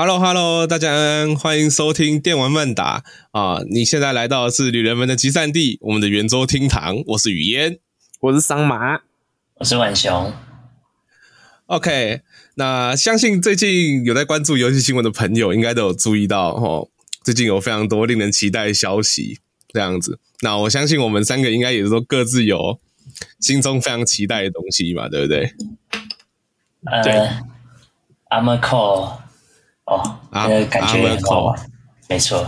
Hello，Hello，hello, 大家歡迎收聽電玩慢打啊！Uh, 你現在來到的是女人們的集散地，我們的圓桌廳堂。我是雨嫣，我是桑麻，我是婉雄。OK，那相信最近有在關注遊戲新聞的朋友，應該都有注意到哦，最近有非常多令人期待的消息這樣子。那我相信我們三個應該也是都各自有心中非常期待的東西嘛，對不對？呃、uh, 這樣，I'm a call。哦，感覺也很好玩，啊、沒錯錯。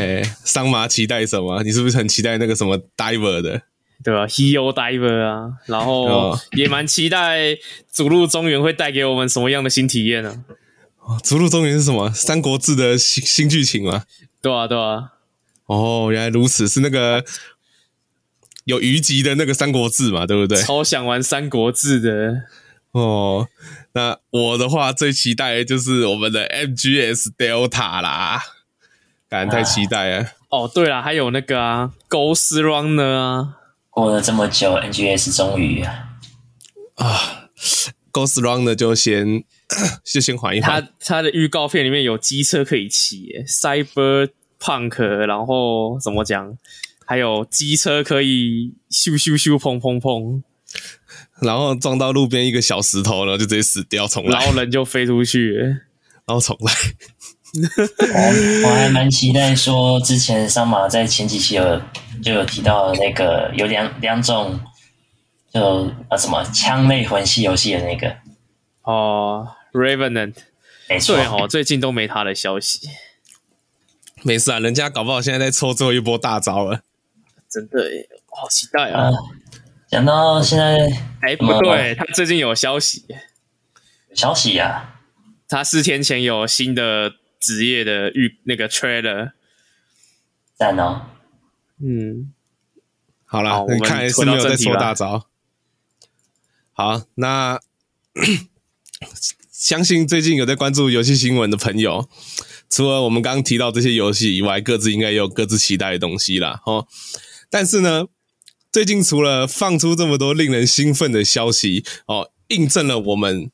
哎、欸，桑麻期待什麼？你是不是很期待那個什麼 diver 的？對吧、啊、？Helldivers 啊，然後也蠻期待逐鹿中原會帶給我們什麼樣的新體驗呢、啊？哦，逐鹿中原是什麼？三國志的新新劇情嗎？對啊，對啊。哦，原來如此，是那個有虞姬的那個三國志嘛？對不對？超想玩三國志的哦。那我的話最期待的就是我們的 MGS Delta 啦，感太期待了。啊、哦，對了，還有那個啊 Ghost Runner 啊，過了這麼久，MGS 終於啊，Ghost Runner 就先就先緩一緩。它它的預告片裡面有機車可以騎，Cyberpunk，然後怎麼講，還有機車可以咻咻咻，咻碰碰碰，砰砰砰。然後撞到路邊一個小石頭了，然後就直接死掉，重來。然後人就飛出去了，然後重來、 嗯。我還蠻期待說，之前桑馬在前幾期有就有提到那個有兩兩種，就啊什麼槍類魂系遊戲的那個哦，Revenant，沒錯，最近都沒他的消息。沒事啊，人家搞不好現在在抽最後一波大招了。真的耶，好期待啊、哦！Uh, 講到現在，哎，欸、不對，麼他最近有消息，消息呀、啊，他四天前有新的職業的預那個 trailer，在呢、哦，嗯，好了，好你看是沒有在說大招，好，那咳咳相信最近有在關注遊戲新聞的朋友，除了我們剛剛提到這些遊戲以外，各自應該也有各自期待的東西了，哈、哦，但是呢。最近除了放出這麼多令人興奮的消息，哦，印證了我們，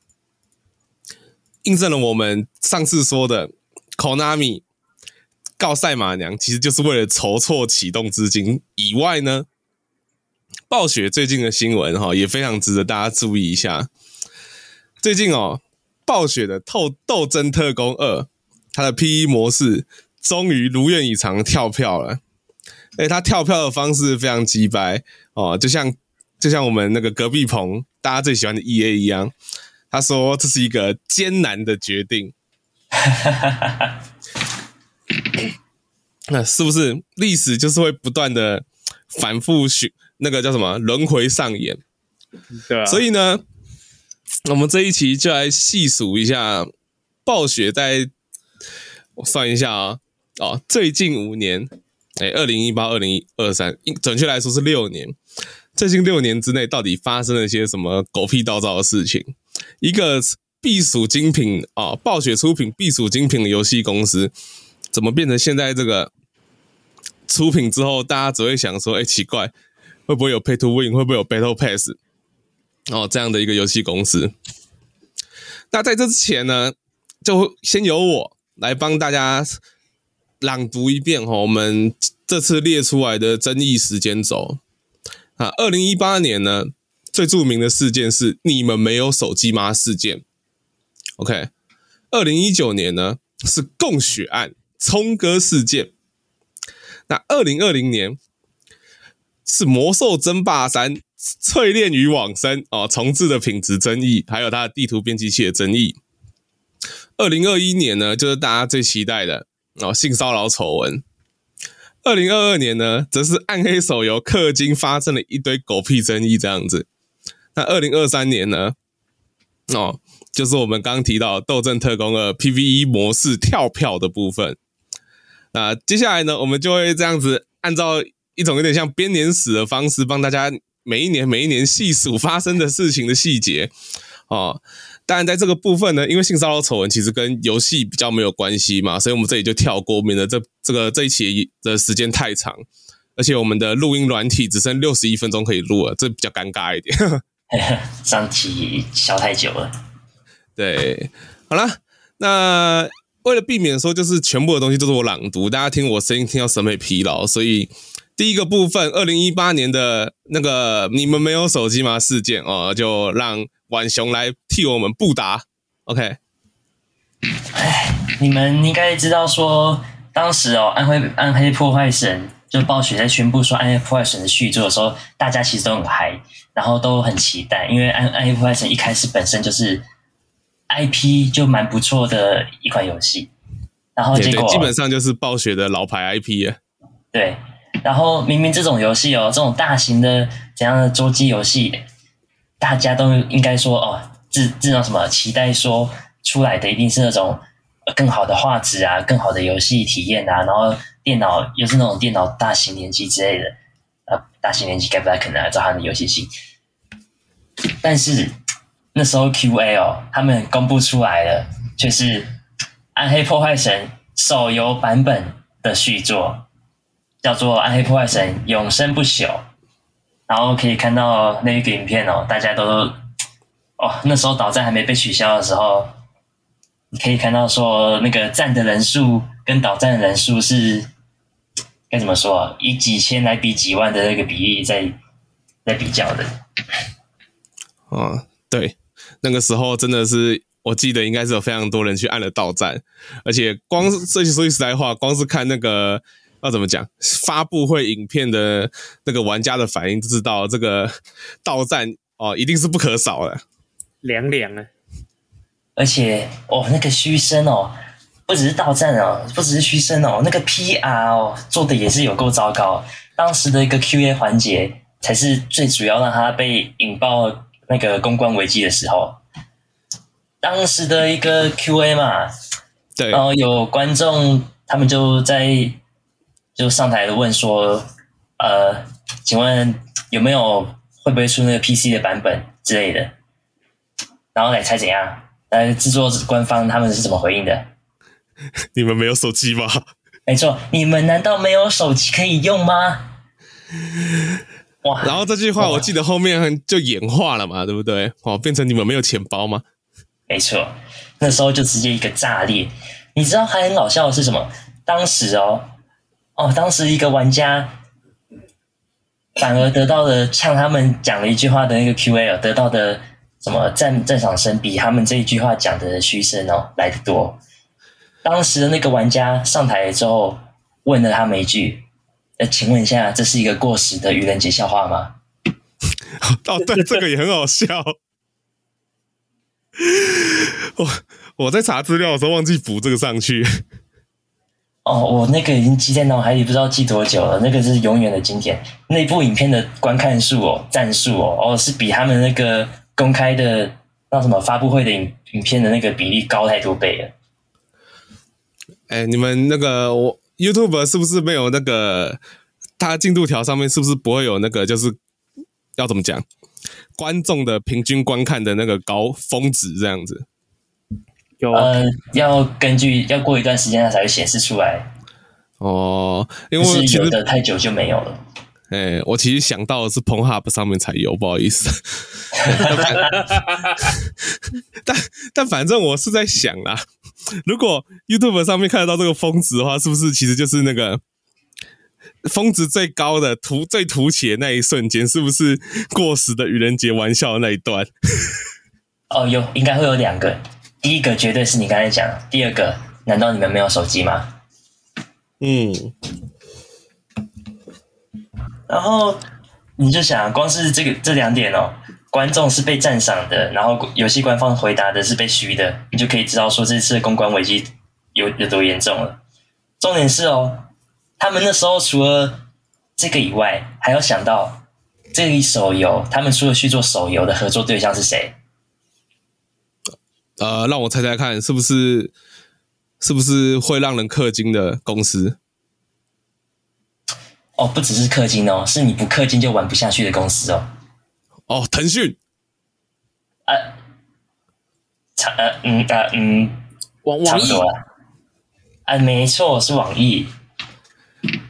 印證了我們上次說的，Konami 告賽馬娘其實就是為了籌措啟動資金以外呢，暴雪最近的新聞哈，哦，也非常值得大家注意一下。最近哦，暴雪的《透鬥陣特工2》它的 PvE 模式終於如願以償跳票了。誒、欸、他跳票的方式非常機掰哦，就像就像我們那個隔壁棚大家最喜歡的 EA 一樣，他說，這是一個艱難的決定。那 是不是歷史就是會不斷的反覆那個叫什麼輪迴上演？對啊，所以呢，我們這一期就來細數一下暴雪在，我算一下啊，哦，哦，最近五年。哎，二零一八、二零二三，準確來說是六年。最近六年之內，到底發生了些什麼狗屁倒灶的事情？一個必屬精品啊、哦，暴雪出品必屬精品的遊戲公司，怎麼變成現在這個？出品之後，大家只會想說：“誒、欸，奇怪，會不會有 Pay to Win？會不會有 Battle Pass？” 哦，這樣的一個遊戲公司。那在這之前呢，就先由我來幫大家。朗讀一遍哈，我們這次列出來的爭議時間軸啊，二零一八年呢，最著名的事件是你們沒有手機嗎事件。OK，二零一九年呢是供血案，聰哥事件。那二零二零年是魔獸爭霸三、淬煉與往生哦，重置的品質爭議，還有它的地圖編輯器的爭議。二零二一年呢，就是大家最期待的。哦，性騷擾醜聞。二零二二年呢，則是暗黑手遊氪金發生了一堆狗屁爭議這樣子。那二零二三年呢，哦，就是我們剛提到《鬥陣特工》的 PVE 模式跳票的部分。那接下來呢，我們就會這樣子，按照一種有點像編年史的方式，幫大家每一年每一年細數發生的事情的細節，哦。當然，在這個部分呢，因為性騷擾醜聞其實跟遊戲比較沒有關係嘛，所以我們這裡就跳過，免得這這個這一期的時間太長，而且我們的錄音軟體只剩六十一分鐘可以錄了，這比較尷尬一點。呵呵 上期笑太久了。對，好啦，那為了避免說就是全部的東西都是我朗讀，大家聽我聲音聽到審美疲勞，所以。第一個部分，二零一八年的那個你們沒有手機嗎事件哦，就讓浣熊來替我們布達，OK。唉，你們應該知道說，當時哦，暗黑暗黑破壞神就暴雪在宣佈說暗黑破壞神的續作的時候，大家其實都很嗨，然後都很期待，因為暗暗黑破壞神一開始本身就是 IP 就蠻不錯的一款遊戲，然後結果基本上就是暴雪的老牌 IP 耶，對。然後明明這種遊戲哦，這種大型的怎樣的桌機遊戲，大家都應該說哦，這這種什麼期待說出來的一定是那種更好的畫質啊，更好的遊戲體驗啊，然後電腦又是那種電腦大型聯機之類的，啊、大型聯機該不該可能找、啊、他們的遊戲性。但是那時候 QA 哦，他們公布出來了，就是《暗黑破壞神》手遊版本的續作。叫做《暗黑破壞神：永生不朽》，然後可以看到那一個影片哦，大家都哦，那時候倒讚還沒被取消的時候，你可以看到說那個讚的人數跟倒讚的人數是該怎麼說，啊，以幾千來比幾萬的那個比例在在比較的。嗯，對，那個時候真的是，我記得應該是有非常多人去按了倒讚，而且光而且說句實在話，光是看那個。要、啊、怎麼講？發佈會影片的那個玩家的反應就知道，這個倒讚哦，一定是不可少的。涼涼啊，而且哦，那個噓聲哦，不只是倒讚哦，不只是噓聲哦，那個 P R 哦做的也是有夠糟糕。當時的一個 Q A 環節才是最主要讓他被引爆那個公關危機的時候。當時的一個 Q A 嘛，對，然後有觀眾他們就在。就上台問說：“呃，請問有沒有會不會出那個 PC 的版本之類的？”然後來猜怎樣？呃，製作官方他們是怎麼回應的？你們沒有手機嗎？沒錯，你們難道沒有手機可以用嗎？哇！然後這句話我記得後面就演化了嘛，對不對？哦哇，變成你們沒有錢包嗎？沒錯，那時候就直接一個炸裂。你知道還很搞笑的是什麼？當時哦。哦，當時一個玩家反而得到了像他們講了一句話的那個 Q&A，得到的什麼讚讚賞聲，比他們這一句話講的噓聲哦來的多。當時的那個玩家上台了之後問了他們一句：“呃，請問一下，這是一個過時的愚人節笑話嗎？”哦，對， 這個也很好笑。我我在查資料的時候忘記補這個上去。哦，我那個已經記在腦海裡，不知道記多久了。那個是永遠的經典。那部影片的觀看數哦，讚數哦，哦是比他們那個公開的那什麼發布會的影影片的那個比例高太多倍了。哎、欸，你們那個我 YouTube 是不是沒有那個它，進度條上面是不是不會有那個就是要怎麼講觀眾的平均觀看的那個高峰值這樣子？Okay. 呃，要根據要過一段時間它才會顯示出來哦，因為其實有的太久就沒有了。哎、欸，我其實想到的是 Pornhub 上面才有，不好意思。但但反正我是在想啊，如果 YouTube 上面看得到這個峰值，的話，是不是其實就是那個峰值最高的圖最突起的那一瞬間，是不是過時的愚人節玩笑的那一段？ 哦，有應該會有兩個。第一個絕對是你剛才講，第二個難道你們沒有手機嗎？嗯，然後你就想，光是這個這兩點哦，觀眾是被讚賞的，然後遊戲官方回答的是被虛的，你就可以知道說這次的公關危機有有多嚴重了。重點是哦，他們那時候除了這個以外，還要想到這一手遊，他們除了去做手遊的合作對象是誰？呃，讓我猜猜看，是不是是不是會讓人氪金的公司？哦，不只是氪金哦，是你不氪金就玩不下去的公司哦。哦，騰訊。呃、啊，差呃嗯呃嗯，啊、嗯網網易啊，沒錯，是網易。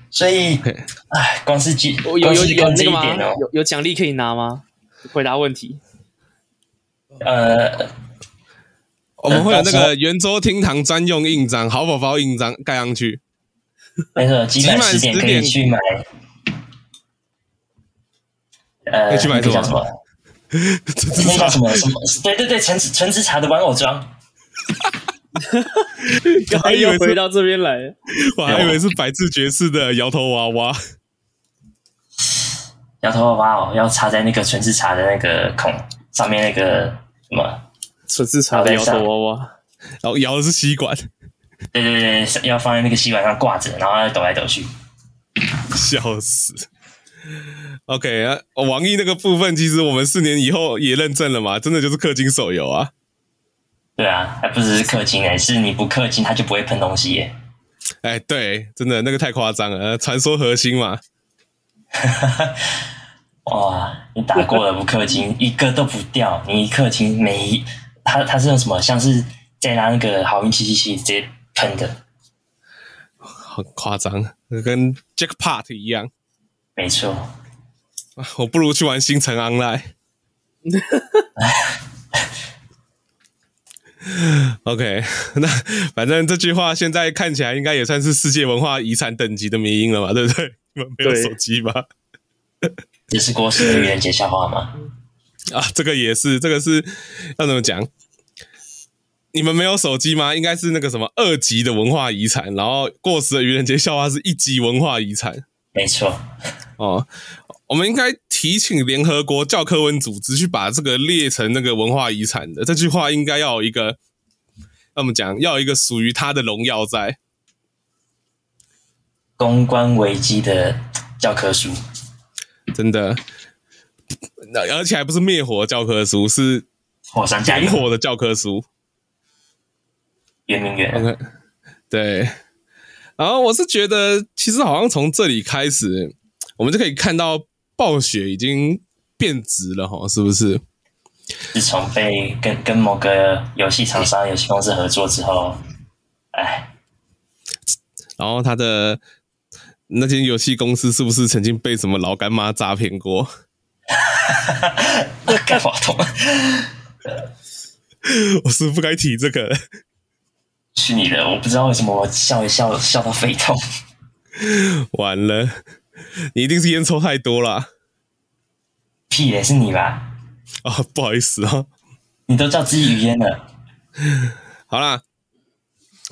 所以，哎 Okay.，光是金、哦，有有有獎勵嗎？哦，有有獎勵可以拿嗎？回答問題。呃。我們會有那個圓桌廳堂專用印章，好寶寶印章蓋上去。沒錯，集滿十點可以去買。呃，要去買什麼？什麼什麼什麼？對對對，橙橙子茶的玩偶裝。哈哈哈我還以為回到這邊來，我還以為是白字爵士的搖頭娃娃。搖頭娃娃哦，要插在那個橙子茶的那個孔上面，那個什麼？粉絲差的多啊，然後搖的是吸管，對對對，要放在那個吸管上掛着，然後它抖來抖去，笑死。 OK 啊，網易那個部分其實我們四年以後也認證了嘛，真的就是氪金手遊啊。對啊，還、啊、不只是氪金哎、欸，是你不氪金他就不會噴東西耶、欸。哎、欸，對，真的那個太誇張了，呃、傳說核心嘛。哈哈，哇，你打過了不氪金 一個都不掉，你一氪金沒。他他是用什麼？像是在那個好運七七七直接噴的，很誇張，跟 jackpot 一樣。沒錯錯、啊，我不如去玩《星辰 online》。 OK，那反正這句話現在看起來應該也算是世界文化遺產等級的迷因了吧？對不對？你們沒有手機吧？對 這是過時的愚人節笑話嗎？嗯啊，這個也是，這個是要怎麼講？你們沒有手機嗎？應該是那個什麼二級的文化遺產，然後過時的愚人節笑話是一級文化遺產，沒錯。哦，我們應該提請聯合國教科文組織去把這個列成那個文化遺產的。這句話應該要有一個，要我們講要一個屬於他的榮耀在，公關危機的教科書，真的。那而且還不是滅火教科書，是火上加油的教科書。圓明園，okay, 對。然後我是覺得，其實好像從這裡開始，我們就可以看到暴雪已經變質了，哈，是不是？自從被跟跟某個遊戲廠商、遊戲公司合作之後，哎。然後他的那間遊戲公司是不是曾經被什麼老乾媽詐騙過？哈哈哈！幹嘛痛，幹 我是不該提這個。去你的！我不知道為什麼我笑一笑笑到肺痛 完了，你一定是煙抽太多了。屁咧！是你吧？啊，不好意思啊。你都知道自己煙了。 好啦。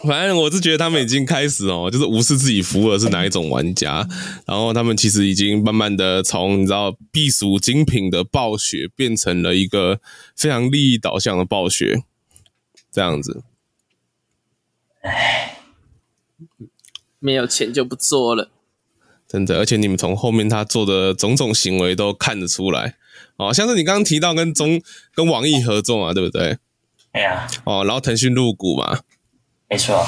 反正我是覺得他們已經開始哦，就是無視自己服務的是哪一種玩家，然後他們其實已經慢慢的從你知道必屬精品的暴雪變成了一個非常利益導向的暴雪，這樣子。唉，沒有錢就不做了，真的。而且你們從後面他做的種種行為都看得出來，哦，像是你剛剛提到跟中跟網易合作嘛，對不對？哎呀，哦，然後騰訊入股嘛。沒錯，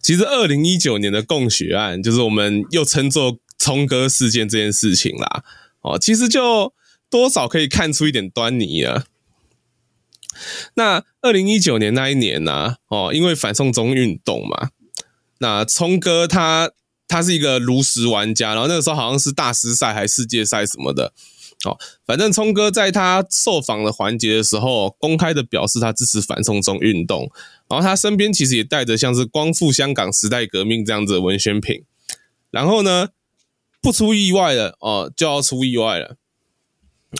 其實二零一九年的供血案，就是我們又稱作聰哥事件這件事情啦。哦，其實就多少可以看出一點端倪啊。那二零一九年那一年呢？哦，因為反送中運動嘛，那聰哥他他是一個爐石玩家，然後那個時候好像是大師賽還是世界賽什麼的。哦，反正聰哥在他受訪的環節的時候，公開的表示他支持反送中運動。然後他身邊其實也帶着像是光復香港時代革命這樣子的文宣品，然後呢，不出意外的哦，就要出意外了。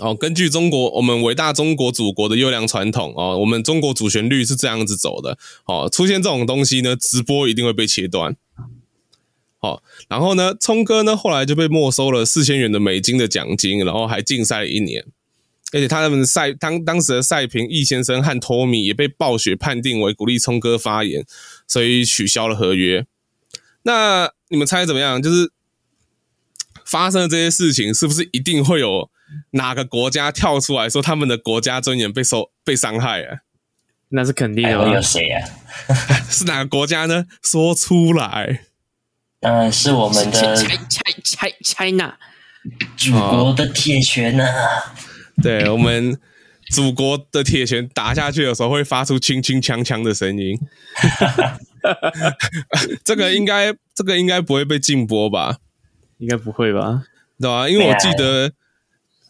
哦，根據中國我們偉大中國祖國的優良傳統哦，我們中國主旋律是這樣子走的。哦，出現這種東西呢，直播一定會被切斷。哦，然後呢，聰哥呢後來就被沒收了四千元的美金的獎金，然後還禁賽了一年。而且他們的賽當當時的賽評易先生和托米也被暴雪判定為鼓勵聰哥發言，所以取消了合約。那你們猜怎麼樣？就是發生了這些事情，是不是一定會有哪個國家跳出來說他們的國家尊嚴被受被傷害啊？啊那是肯定的。哎、有誰呀、啊？ 是哪個國家呢？說出來。當然、呃、是我們的 China，祖國的鐵拳啊！對，我們祖國的鐵拳打下去的時候，會發出輕輕鏘鏘的聲音。 這個應該，這個應該不會被禁播吧？應該不會吧？會吧，對吧、啊？因為我記得，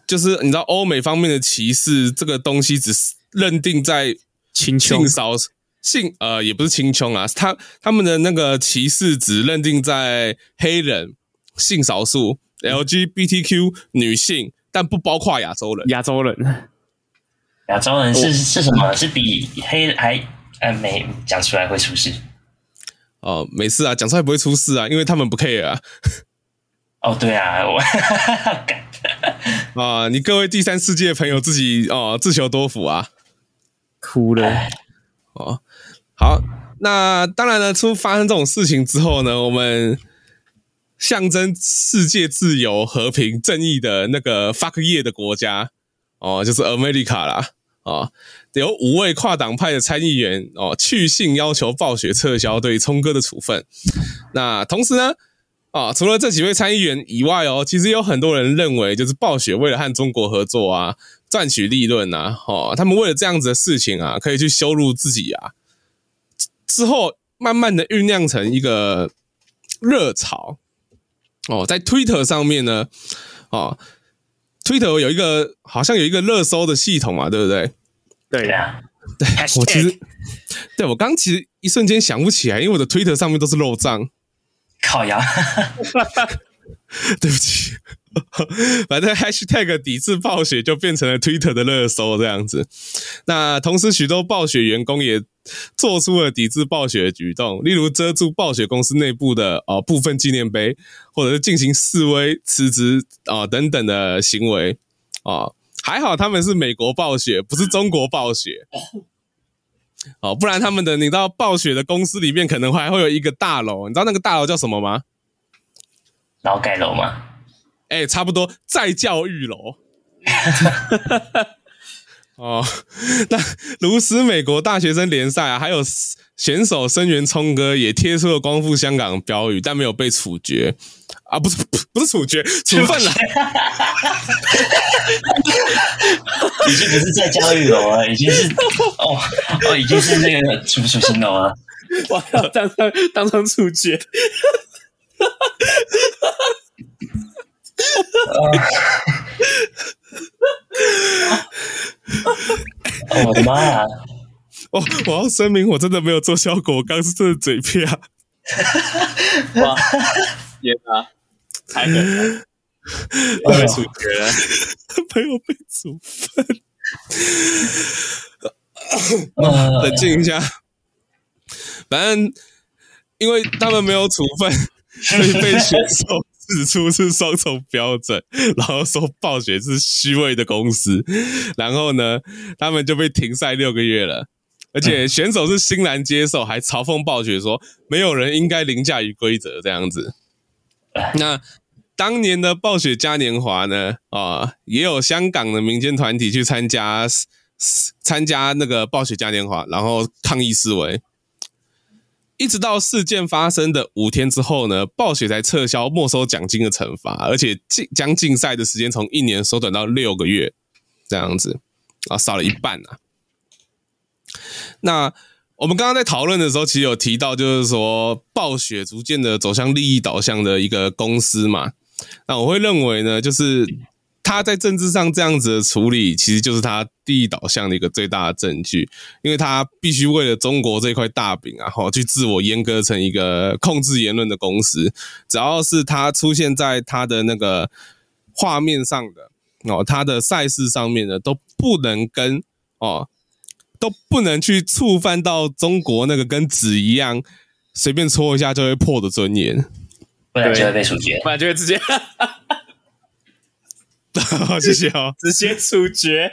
就是你知道歐美方面的歧視這個東西，只認定在青少春性呃，也不是青蔥啊，他他們的那個歧視只認定在黑人、性少數、嗯、LGBTQ 女性。但不包括亞洲人，亞洲人，亞洲人是是什麼？我是比黑人還……呃，沒講出來會出事？哦，沒事啊，講出來不會出事啊，因為他們不 care 啊。哦，對啊，我啊、 哦，你各位第三世界的朋友自己哦，自求多福啊。哭了。唉哦，好，那當然呢，出發生這種事情之後呢，我們。象徵世界自由、和平、正義的那個 fuck 業的國家哦，就是 America 啦哦，有五位跨黨派的參議員哦，去信要求暴雪撤銷對聰哥的處分。那同時呢哦，除了這幾位參議員以外哦，其實有很多人認為，就是暴雪為了和中國合作啊，賺取利潤啊，哦，他們為了這樣子的事情啊，可以去羞辱自己啊，之後慢慢的醞釀成一個熱潮。哦，在 Twitter 上面呢，哦，Twitter 有一個好像有一個熱搜的系統嘛，對不對？對呀。Hashtag。對，啊、對，我其實，對我剛其實一瞬間想不起來，因為我的 Twitter 上面都是肉醬，烤羊靠洋。 對不起， 反正 #hashtag 抵制暴雪就變成了推特的熱搜這樣子。那同時，許多暴雪員工也做出了抵制暴雪的舉動，例如遮住暴雪公司內部的呃、哦、部分紀念碑，或者是進行示威、辭職啊、哦、等等的行為啊、哦。還好他們是美國暴雪，不是中國暴雪哦，不然他們的你知道暴雪的公司裡面可能會還會有一個大樓，你知道那個大樓叫什麼嗎？然後蓋樓嗎？哎，差不多，再教育樓。 哦，那如此美國大學生聯賽、啊、還有選手聲援聰哥，也貼出了光復香港標語，但沒有被處決啊？不是，不是處決，處分 了。 已經不是再教育樓了，已經是 哦哦，已經是那個處決行樓啊。我要當上，當上處決。 我的媽呀！我我要聲明，我真的沒有做效果，我剛是真的嘴瓢、啊。哇！演啊！台本、啊、 被處分，沒，了沒有被處分。 冷靜一下，反正因為他們沒有處分，所以被選中。 指出是雙重標準，然後說暴雪是虛偽的公司，然後呢，他們就被停賽六個月了，而且選手是欣然接受，還嘲諷暴雪說沒有人應該凌駕於規則這樣子。唉那當年的暴雪嘉年華呢？啊，也有香港的民間團體去參加參加那個暴雪嘉年華，然後抗議示威。一直到事件發生的五天之後呢，暴雪才撤銷沒收獎金的懲罰，而且禁將禁賽的時間從一年縮短到六個月，這樣子，啊，少了一半啊。那我們剛剛在討論的時候，其實有提到，就是說暴雪逐漸的走向利益導向的一個公司嘛。那我會認為呢，就是。他在政治上這樣子的處理，其實就是他第一導向的一個最大的證據，因為他必須為了中國這塊大餅啊，哈，去自我閹割成一個控制言論的公司。只要是他出現在他的那個畫面上的，哦，他的賽事上面的，都不能跟哦，都不能去觸犯到中國那個跟紙一樣隨便戳一下就會破的尊嚴，不然就會被處決，不然就會直接。 好， 謝謝哈、哦，直接處決，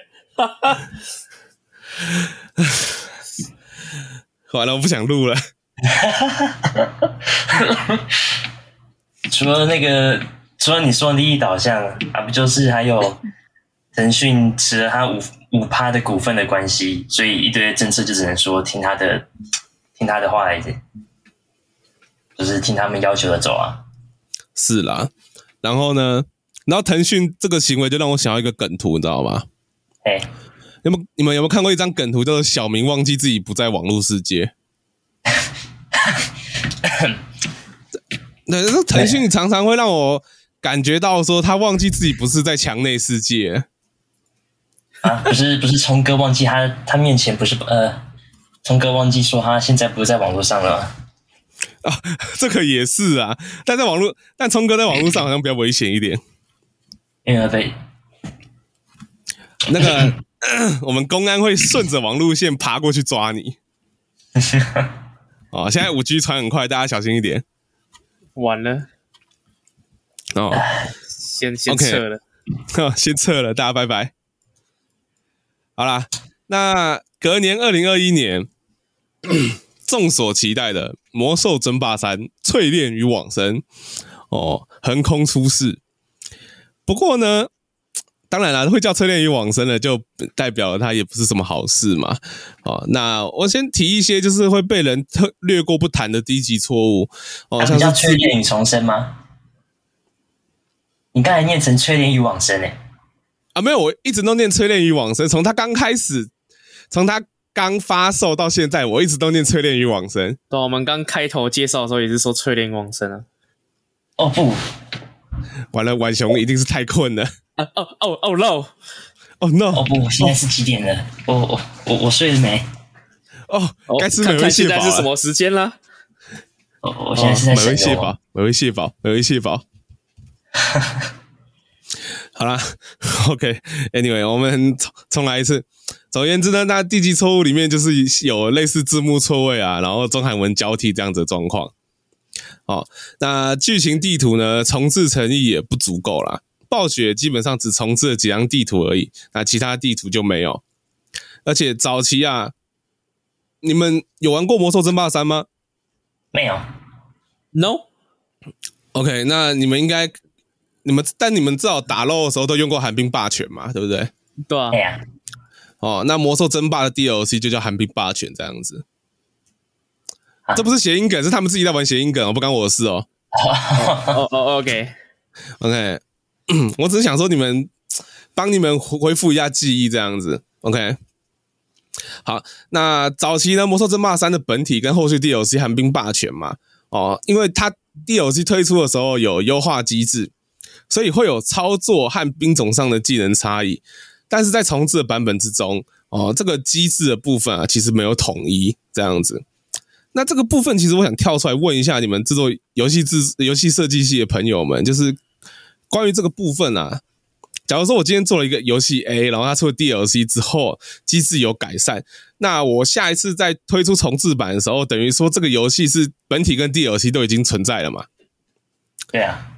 完了，我不想錄了。 除了那個，除了你說的利益導向啊，不就是還有騰訊持了他五五趴的股份的關係，所以一堆政策就只能說聽他的，聽他的話來的，就是聽他們要求的走啊。是啦，然後呢？然後騰訊這個行為就讓我想要一個梗圖，你知道嗎？哎，Hey, 你們你們有沒有看過一張梗圖，叫做“小明忘記自己不在網絡世界”？那 騰訊常常會讓我感覺到說他忘記自己不是在牆內世界啊！不是不是，聰哥忘記他他面前不是呃，聰哥忘記說他現在不是在網絡上了啊？這個也是啊，但在網絡但聰哥在網絡上好像比較危險一點。嬰兒肥。Yeah, 那個， 我們公安會順着網路線爬過去抓你。 哦，現在五 G 傳很快，大家小心一點。完了。哦，啊、先先撤了。先撤了，大家拜拜。好啦，那隔年二零二一年，眾 所期待的《魔獸爭霸三：淬煉與往生》哦，橫空出世。不過呢，當然了，會叫“淬煉與往生”的，就代表了他也不是什麼好事嘛。哦，那我先提一些，就是會被人特略過不談的低級錯誤。哦，啊、你叫“淬煉與重生”嗎？你剛才念成“淬煉與往生、欸”哎？啊，沒有，我一直都念“淬煉與往生”。從他剛開始，從他剛發售到現在，我一直都念“淬煉與往生”對。我們剛開頭介紹的時候也是說“淬煉往生”啊。哦不。完了，宛雄一定是太困了。哦哦哦 no，哦、oh, no！哦不，現在是幾點了？我哦我我睡了沒？哦，該吃美味蟹堡？現在是什麼時間啦？哦，我現在是在。美味蟹堡？美味蟹堡？美味蟹堡？ 好啦，OK，Anyway，、okay, 我們重重來一次。總而言之呢，那低級錯誤裡面就是有類似字幕錯位啊，然後中韓文交替這樣子的狀況。哦，那劇情地圖呢？重置誠意也不足夠了。暴雪基本上只重置了幾張地圖而已，那其他地圖就沒有。而且早期啊，你們有玩過《魔獸爭霸三》嗎？沒有，No。OK，那你們應該，你們但你們至少打漏的時候都用過寒冰霸權嘛，對不對？對啊。哦，那《魔獸爭霸》的 DLC 就叫寒冰霸權這樣子。這不是諧音梗，是他們自己在玩諧音梗我，哦，不關我的事哦。哦哦，OK，OK，我只是想說，你們幫你們恢復一下記憶這樣子，OK。好，那早期呢，《魔獸爭霸三》的本體跟後續 DLC《寒冰霸權》嘛，哦，因為它 DLC 推出的時候有優化機制，所以會有操作和兵種上的技能差異。但是在重製的版本之中，哦，這個機制的部分啊，其實沒有統一這樣子。那這個部分，其實我想跳出來問一下你們制作遊戲制遊戲設計系的朋友們，就是關於這個部分啊。假如說我今天做了一個遊戲 A，然後它出了 DLC 之後機制有改善，那我下一次再推出重制版的時候，等於說這個遊戲是本體跟 DLC 都已經存在了嘛？對啊，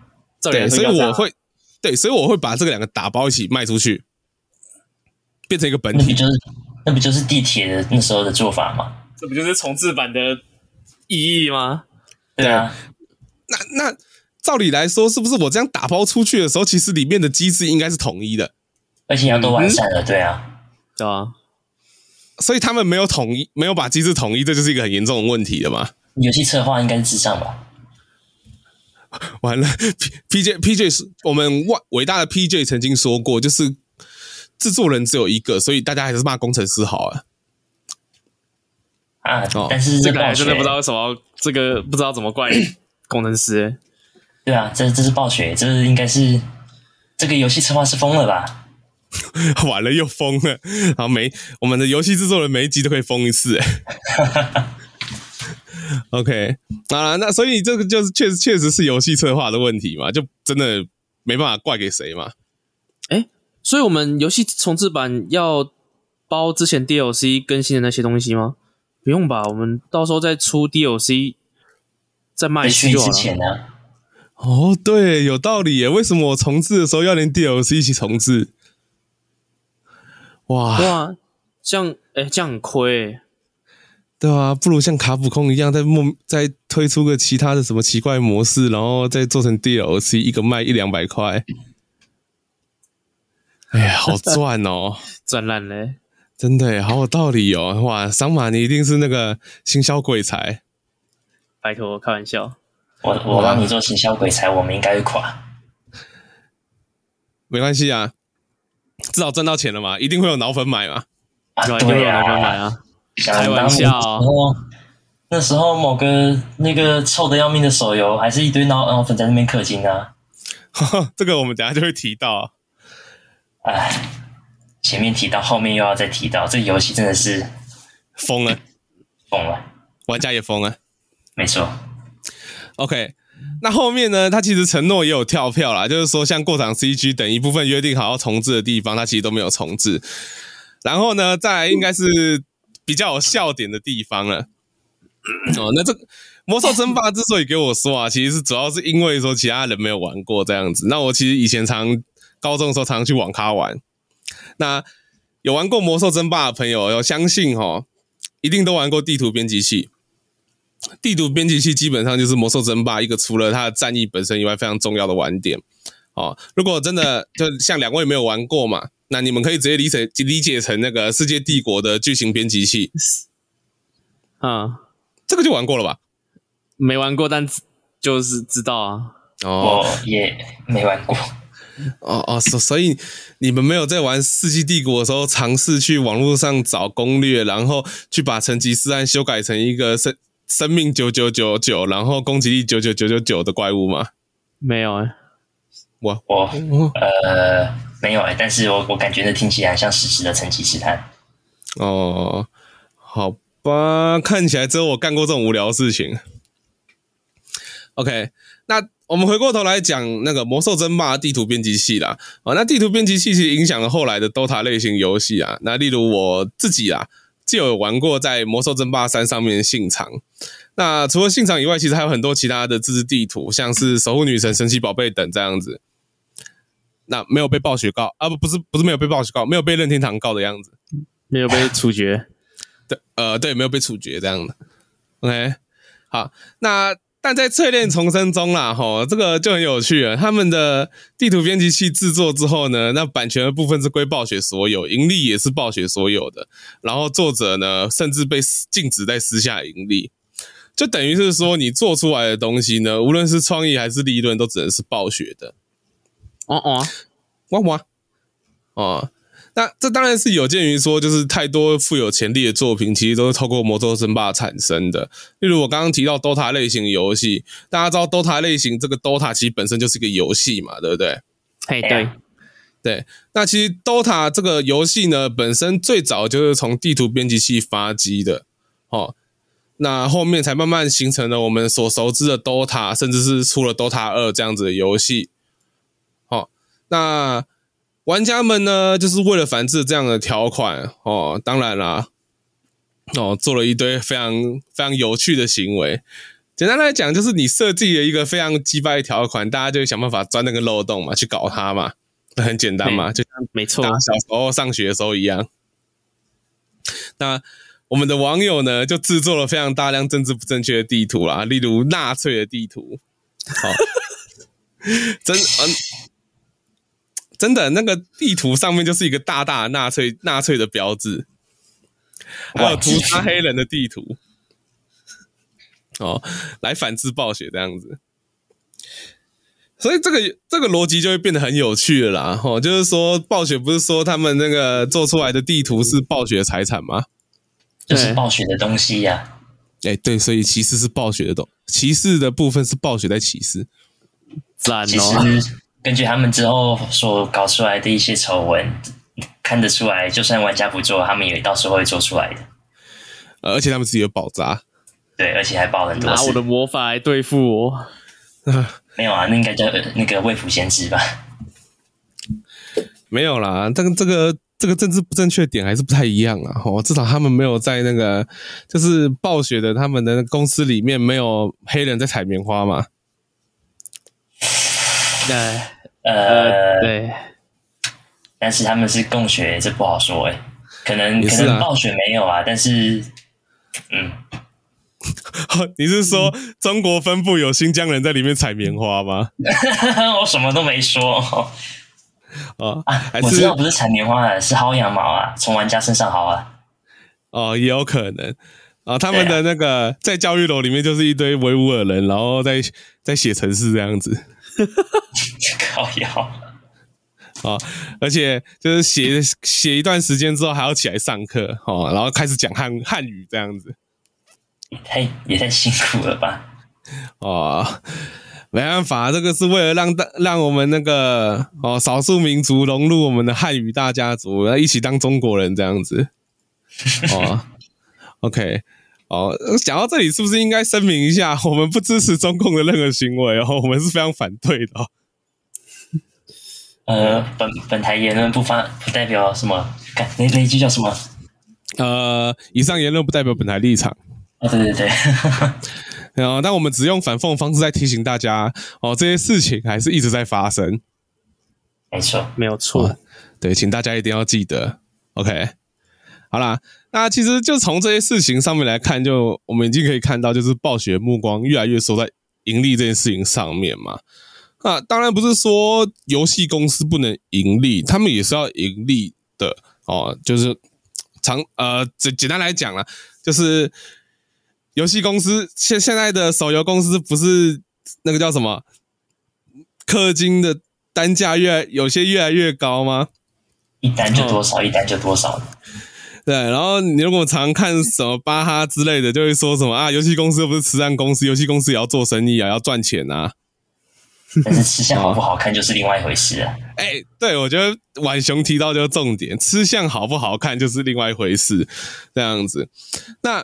對，所以我會對，所以我會把這個兩個打包一起賣出去，變成一個本體，就是那不就是地鐵的那時候的做法嗎？這不就是重置版的意義嗎？對啊，對，那那照理來說，是不是我這樣打包出去的時候，其實裡面的機制應該是統一的，而且要都完善了，嗯、對啊，對啊。所以他們沒有統一，沒有把機制統一，這就是一個很嚴重的問題了嘛？遊戲策劃應該是至上吧。 完了 P，P J P J 是，我們萬偉大的 P J 曾經說過，就是制作人只有一個，所以大家還是罵工程師好啊。啊！哦、但是，是這個，我真的不知道為什麼，這個不知道怎麼怪工程師 。對啊，這這是暴雪，這應該是這個遊戲策劃是瘋了吧？ 完了又瘋了，然後沒，我們的遊戲制作人每一集都可以瘋一次。 OK，啊，那所以這個就是確實確實是遊戲策劃的問題嘛，就真的沒辦法怪給誰嘛？哎、欸，所以我們遊戲重置版要包之前 DLC 更新的那些東西嗎？不用吧，我們到時候再出 DLC 再賣一次就好了！哦，對，有道理耶。為什麼我重製的時候要連 DLC 一起重製？哇，對啊，這樣哎、欸，這樣很虧。對啊，不如像卡普空一樣，再末，再推出個其他的什麼奇怪模式，然後再做成 DLC，一個賣一兩百塊。哎呀，好賺哦，喔，賺爛嘞！真的耶，好有道理哦！哇，桑馬你一定是那個行銷鬼才，拜託開玩笑，我我幫你做行銷鬼才，哇我們應該會垮，沒關係啊，至少賺到錢了嘛，一定會有腦粉買嘛，啊啊對啊，開玩笑、哦，然、啊、那，那時候某個那個臭得要命的手遊，還是一堆腦粉在那邊氪金啊呵呵，這個我們等一下就會提到，哎。前面提到，後面又要再提到，這遊戲真的是瘋了，瘋了，玩家也瘋了，沒錯。OK，那後面呢？他其實承諾也有跳票啦，就是說像過場 CG 等一部分約定好要重置的地方，他其實都沒有重置。然後呢，再來應該是比較有笑點的地方了。嗯、哦，那這《魔獸爭霸》之所以給我說啊， 其實是主要是因為說其他人沒有玩過這樣子。那我其實以前常，高中的時候常常去網咖玩。那有玩過《魔獸爭霸》的朋友，要相信哦，一定都玩過地圖編輯器。地圖編輯器基本上就是《魔獸爭霸》一個除了它的戰役本身以外非常重要的玩點。哦，如果真的就像兩位沒有玩過嘛， 那你們可以直接理解理解成那個《世界帝國》的劇情編輯器。啊、嗯，這個就玩過了吧？沒玩過，但就是知道啊。哦、我也沒玩過。哦哦，所、哦、所以你們沒有在玩《世紀帝國》的時候嘗試去網絡上找攻略，然後去把成吉思汗修改成一個生生命九九九九，然後攻擊力九九九九九的怪物嗎？沒有哎、欸，哇我我呃沒有哎、欸，但是我我感覺這聽起來像史詩的成吉思汗。哦，好吧，看起來只有我幹過這種無聊的事情。OK。那我們回過頭來講那個魔獸爭霸地圖編輯器啦，啊，那地圖編輯器其實影響了後來的 DOTA 類型遊戲啊。那例如我自己啊，就有玩過在魔獸爭霸三上面的信長。那除了信長以外，其實還有很多其他的自制地圖，像是守護女神、神奇寶貝等這樣子。那沒有被暴雪告啊？不，不是，不是沒有被暴雪告，沒有被任天堂告的樣子，沒有被處決。對，呃，對，沒有被處決這樣的。OK，好，那。但在《淬煉重生》中啦，吼，這個就很有趣了！他們的地圖編輯器製作之後呢，那版權的部分是歸暴雪所有，盈利也是暴雪所有的。然後作者呢，甚至被禁止在私下盈利，就等於是說，你做出來的東西呢，無論是創意還是利潤，都只能是暴雪的。哦哦、啊啊，哇哇，哦、啊。那這當然是有鑒於說，就是太多富有潛力的作品，其實都是透過《魔獸爭霸》產生的。例如我剛剛提到《DOTA》類型遊戲，大家知道《DOTA》類型這個《DOTA》其實本身就是一個遊戲嘛，對不對？哎，對，對。那其實《DOTA》這個遊戲呢，本身最早就是從地圖編輯器發跡的。好、哦，那後面才慢慢形成了我們所熟知的《DOTA》，甚至是出了《DOTA 二》這樣子的遊戲。好、哦，那。玩家們呢，就是為了反制這樣的條款哦，當然啦，哦，做了一堆非常非常有趣的行為。簡單來講，就是你設計了一個非常機掰的條款，大家就想辦法鑽那個漏洞嘛，去搞它嘛，很簡單嘛，對就像沒錯，小時候上學的時候一樣。那我們的網友呢，就制作了非常大量政治不正確的地圖啊，例如納粹的地圖，好、 哦，真嗯。 真的，那個地圖上面就是一個大大納粹納粹的標誌，哇還有屠殺黑人的地圖。 哦，來反制暴雪這樣子，所以這個這個邏輯就會變得很有趣了啦、哦。就是說，暴雪不是說他們那個做出來的地圖是暴雪財產嗎？就是暴雪的東西呀、啊。哎、嗯欸，對，所以歧視是暴雪的東，歧視的部分是暴雪在歧視。讚哦。 根據他們之後所搞出來的一些醜聞，看得出來，就算玩家不做，他們也到時候會做出來的。呃、而且他們自己有爆炸。對，而且還爆很多。拿我的魔法來對付我？ 沒有啊，那應該叫、呃、那個未卜先知吧？沒有啦，但這個這個政治不正確點還是不太一樣啊。哦，至少他們沒有在那個就是暴雪的他們的公司裡面沒有黑人在採棉花嘛。對，yeah, 呃，呃，對，但是他們是供血，這不好說誒。可能是、啊、可能暴雪沒有啊，但是，嗯，你是說中國分部有新疆人在裡面採棉花嗎？ 我什麼都沒說。哦、啊、是我知道不是採棉花，啊，是薅羊毛啊，從玩家身上薅啊。哦，也有可能啊，哦，他們的那個、啊、在教育樓裡面就是一堆維吾爾人，然後在在寫城市這樣子。哈哈哈，靠腰 哦，而且就是寫寫一段時間之後，還要起來上課哦，然後開始講漢漢語這樣子，也太也太辛苦了吧？哦，沒辦法，這個是為了讓大讓我們那個哦少數民族融入我們的漢語大家族，一起當中國人這樣子。哦 ，OK。哦，講到這裡，是不是應該聲明一下，我們不支持中共的任何行為、哦，然後我們是非常反對的、哦。呃，本本台言論不發不代表什麼，幹那那句叫什麼？呃，以上言論不代表本台立場。哦，對對對。然後，但我們只用反諷的方式在提醒大家，哦，這些事情還是一直在發生。沒錯，沒有錯、哦。對，請大家一定要記得，OK。好啦，那其實就從這些事情上面來看就，就我們已經可以看到，就是暴雪目光越來越收在盈利這件事情上面嘛。啊，當然不是說遊戲公司不能盈利，他們也是要盈利的哦。就是長呃，簡簡單來講啦，就是遊戲公司現現在的手遊公司不是那個叫什麼氪金的單價越來有些越來越高嗎？一單就多少，哦，一單就多少。對，然後你如果常看什麼巴哈之類的，就會說什麼啊，遊戲公司又不是慈善公司，遊戲公司也要做生意啊，也要賺錢啊。 但是吃相好不好看就是另外一回事啊。哎、欸，對，我覺得婉雄提到這個重點，吃相好不好看就是另外一回事，這樣子。那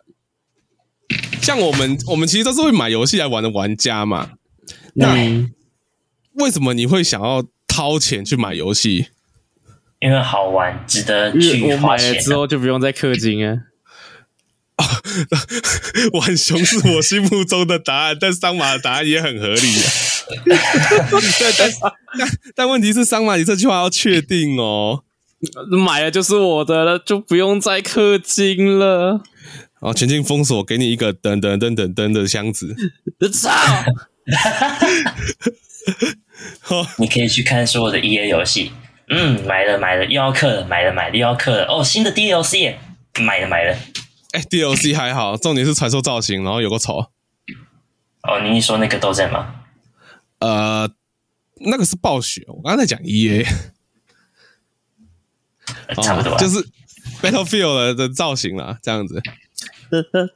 像我們，我們其實都是會買遊戲來玩的玩家嘛。對那為什麼你會想要掏錢去買遊戲？因為好玩，值得去花錢了，我買了之後就不用再氪金了。 哦、啊，我很熊是我心目中的答案， 但桑馬的答案也很合理、啊。 但但問題是桑馬你這句話要確定哦，買了就是我的了，就不用再氪金了。啊，全境封鎖給你一個等等等等等的箱子。我操！你可以去看所有的 EA 遊戲。嗯，買了買了，又要課了，買了買了，又要課了。哦，新的 DLC 耶，買了買了。哎、欸、 ，DLC 還好，重點是傳說造型，然後有個草。哦，你一說那個都在嗎？呃，那個是暴雪，我剛才講 EA，差不多，啊哦，就是 Battlefield 的造型啦，這樣子。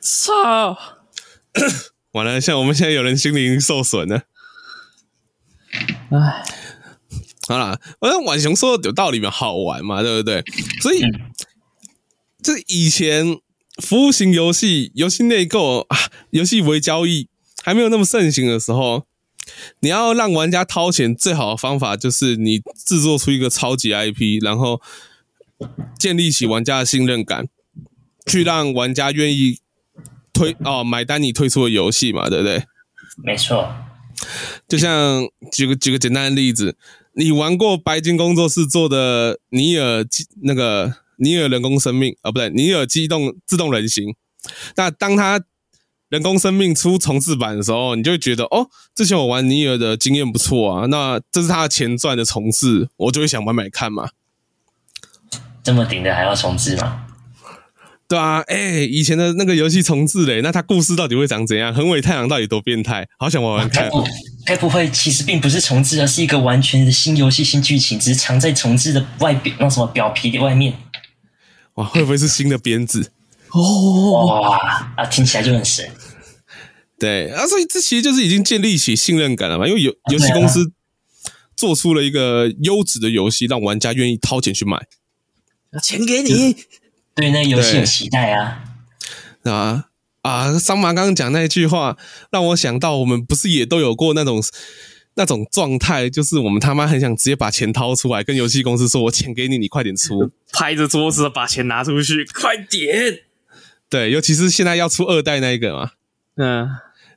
操 完了，像我們現在有人心靈受損了。哎。好啦，反正婉雄說的有道理嘛，好玩嘛，對不對？所以，這以前服務型遊戲、遊戲內購、啊、遊戲微交易還沒有那麼盛行的時候，你要讓玩家掏錢，最好的方法就是你制作出一個超級 IP，然後建立起玩家的信任感，去讓玩家願意推哦買單你推出的遊戲嘛，對不對？沒錯。就像舉個舉個簡單的例子。你玩過白金工作室做的《尼爾》那個《尼爾：人工生命》啊、哦，不對，《尼爾：機動自動人形》。那當他人工生命出重置版的時候，你就會覺得哦，之前我玩《尼爾》的經驗不錯啊，那這是他的前傳的重置，我就會想買買看嘛。這麼頂的還要重置嗎？對啊，哎、欸，以前的那個遊戲重置嘞，那他故事到底會長怎樣？橫尾太郎到底多變態？好想玩玩看。該不會其實並不是重製，而是一個完全的新遊戲、新劇情，只是藏在重製的外表那什麼表皮的外面？哇，會不會是新的編制？哦， 啊，聽起來就很神。對啊，所以這其實就是已經建立起信任感了嘛，因為遊遊戲公司做出了一個優質的遊戲，讓玩家願意掏錢去買。錢給你，對那個遊戲有期待啊？啊。啊，桑麻、uh, 剛剛講那一句話，讓我想到我們不是也都有過那種那種狀態，就是我們他媽很想直接把錢掏出來，跟遊戲公司說：“我錢給你，你快點出！”拍着桌子把錢拿出去，快點！對，尤其是現在要出二代那一個嘛，嗯，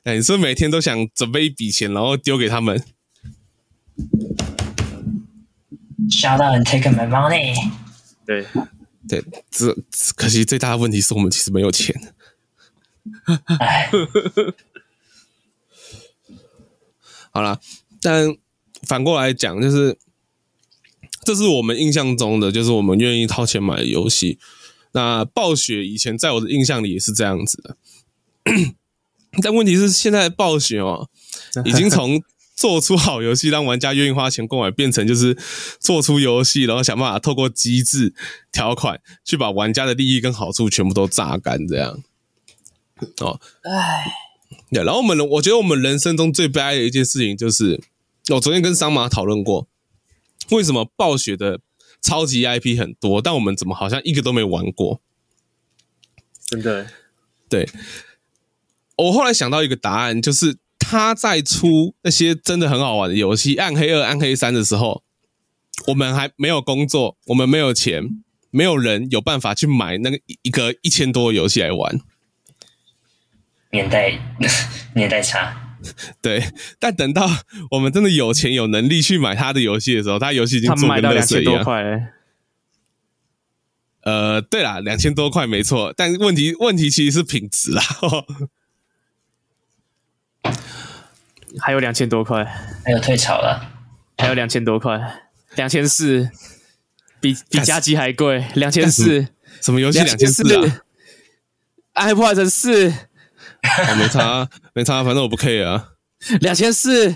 哎，你是不是每天都想準備一筆錢，然後丟給他們 Shut up and take my money。對，對，這可惜最大的問題是我們其實沒有錢。哎， 唉 好啦。但反過來講，就是這是我們印象中的，就是我們願意掏錢買的遊戲。那暴雪以前在我的印象裡也是這樣子的。 但問題是，現在暴雪哦、喔，已經從做出好遊戲讓玩家願意花錢購買，變成就是做出遊戲，然後想辦法透過機制條款去把玩家的利益跟好處全部都榨乾，這樣。哦，唉，對，然後我們，我覺得我們人生中最悲哀的一件事情就是，我昨天跟桑馬討論過，為什麼暴雪的超級 IP 很多，但我們怎麼好像一個都沒玩過？真的，對，我後來想到一個答案，就是他在出那些真的很好玩的遊戲《暗黑二》《暗黑三》的時候，我們還沒有工作，我們沒有錢，沒有人有辦法去買那個一個一千多的遊戲來玩。年代年代差，對，但等到我們真的有錢有能力去買他的遊戲的時候，他遊戲已經賣到兩千多塊了。呃，對啦，兩千多塊沒錯，但問題問題其實是品質啦。呵呵，還有兩千多塊，還有退潮了，還有兩千多塊，兩千四，比比加急還貴，兩千四，什麼遊戲兩千四啊？iPod 四。 哦、沒差，沒差，反正我不 care 啊。兩千四，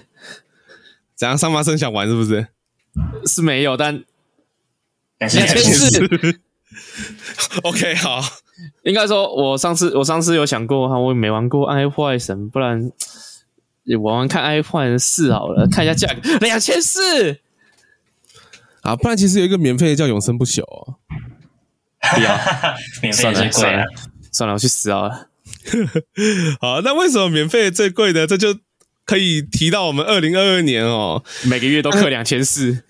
怎樣？上半生想玩是不是？是沒有，但兩千四,兩千四 ，OK，好。應該說我上次，我上次有想過哈，我也沒玩過 iPhone 不然你玩玩看 iPhone 4好了，看一下價格，兩、嗯、千四。啊，不然其實有一個免費的叫永生不朽啊、哦。哈哈， 算了算了算了，我去死好了。 好，那為什麼免費最貴的，這就可以提到我們二零二二年哦，每個月都氪兩千四，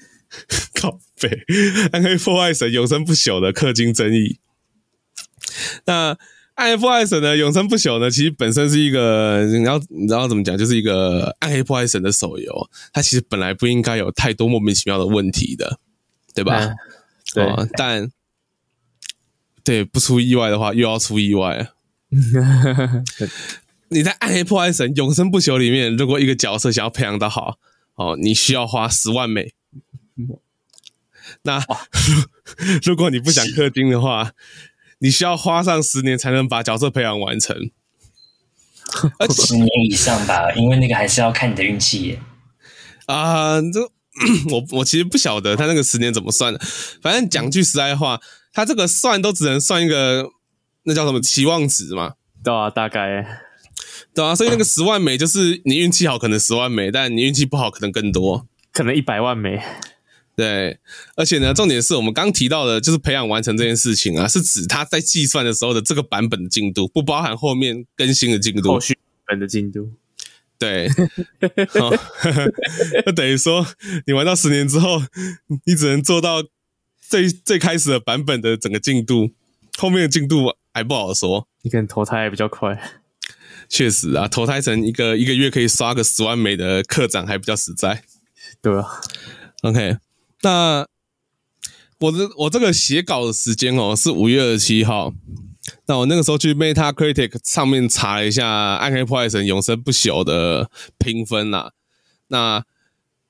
靠北，暗黑破壞神永生不朽的氪金爭議。那暗黑破壞神呢，永生不朽呢，其實本身是一個，你要，你知道怎麼講，就是一個暗黑破壞神的手遊，它其實本來不應該有太多莫名其妙的問題的，對吧？嗯、對，哦、但對不出意外的話，又要出意外。 你在《暗黑破壞神永生不朽》裡面，如果一個角色想要培養的好哦，你需要花十萬美。那如果，如果你不想氪金的話，你需要花上十年才能把角色培養完成。十年以上吧，因為那個還是要看你的運氣。啊，這我我其實不曉得他那個十年怎麼算的。反正講句實在話，他這個算都只能算一個。那叫什麼期望值嘛？對啊，大概，對啊，所以那個十萬枚就是你運氣好，可能十萬枚；但你運氣不好，可能更多，可能一百萬枚。對，而且呢，重點是我們剛提到的，就是培養完成這件事情啊，是指他在計算的時候的這個版本的進度，不包含後面更新的進度。後續版本的進度。對，那、 oh, 等於說你玩到十年之後，你只能做到最最開始的版本的整個進度，後面的進度。還不好說，你可能投胎還比較快，確實啊，投胎成一個一個月可以刷個十萬美金的課長還比較實在，對吧？OK，那我的我這個寫稿的時間齁是五月二十七號，那我那個時候去 Metacritic 上面查了一下《暗黑破壞神：永生不朽》的評分吶，那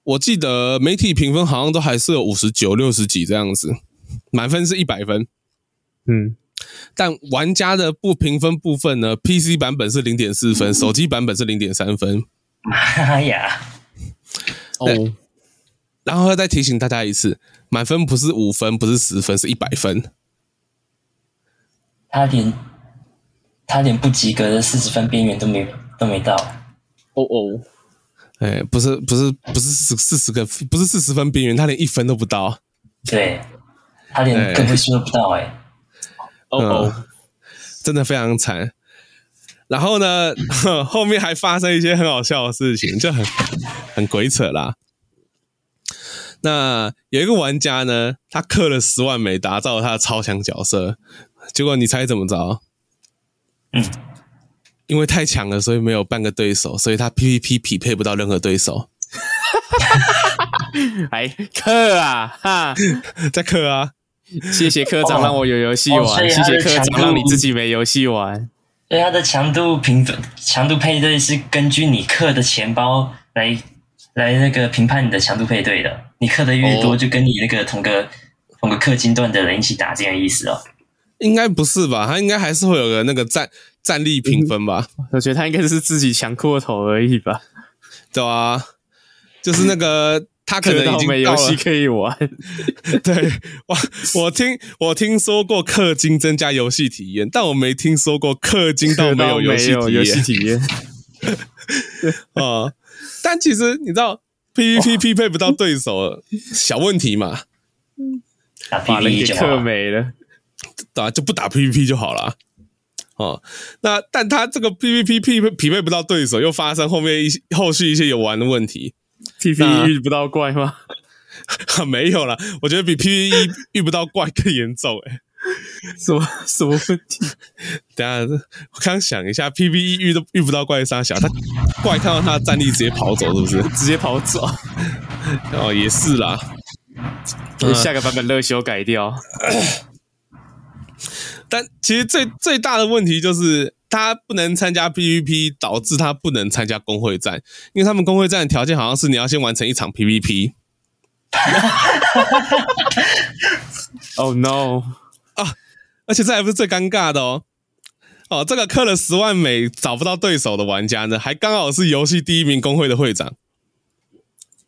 我記得媒體評分好像都還是有五十九、六十幾這樣子，滿分是一百分，嗯。但玩家的不評分部分呢？PC 版本是零點四分，嗯、手機版本是零點三分。媽、哎、呀！哦。Oh. 然後要再提醒大家一次，滿分不是五分，不是十分，是一百分。他連他連不及格的四十分邊緣都沒都沒到。哦哦、oh oh. 哎。不是不是不是四十分，不是四十分邊緣，他連一分都不到。對，他連一分都不到、哎 哦、嗯 oh, oh. 真的非常慘。然後呢，後面還發生一些很好笑的事情，就很很鬼扯啦。那有一個玩家呢，他氪了十萬枚，打造他的超強角色，結果你猜怎麼着？嗯，因為太強了，所以沒有半個對手，所以他 PVP 匹配不到任何對手。哈哈哈哈哈哈！誒氪啊？哈，再氪啊？謝謝科長，讓我有遊戲玩。哦哦、謝謝科長，讓你自己沒遊戲玩。對，他的強度評分、強度配對是根據你氪的錢包來來那個評判你的強度配對的。你氪的越多，就跟你那個同個、哦、同個氪金段的人一起打，這樣意思哦？應該不是吧？他應該還是會有個那個戰戰力評分吧？嗯、我覺得他應該是自己強過頭而已吧？對啊，就是那個。嗯他可能已經沒遊戲可以玩。對，我我聽我聽說過氪金增加遊戲體驗，但我沒聽說過氪金到沒有遊戲體驗。哦，但其實你知道 PVP 匹配不到對手，小問題嘛。把人給氪沒了，打就不打 PVP 就好了。哦，那但他這個 PVP 匹配匹配不到對手，又發生後面一些後續一些遊玩的問題。PVE、啊、遇不到怪嗎？沒有啦，我覺得比 PVE 遇不到怪更嚴重、欸。誒。 什麼什麼問題？等下，我剛想一下，PVE 遇都遇不到怪，沙小他怪看到他的戰力直接跑走，是不是？直接跑走？ 哦，也是啦，等下個版本熱修改掉、呃呃。但其實最最大的問題就是。他不能參加 PVP，導致他不能參加工會戰，因為他們工會戰的條件好像是你要先完成一場 PVP。 Oh no！啊，而且這還不是最尷尬的哦。哦、啊，這個氪了十萬美找不到對手的玩家呢，還剛好是遊戲第一名工會的會長。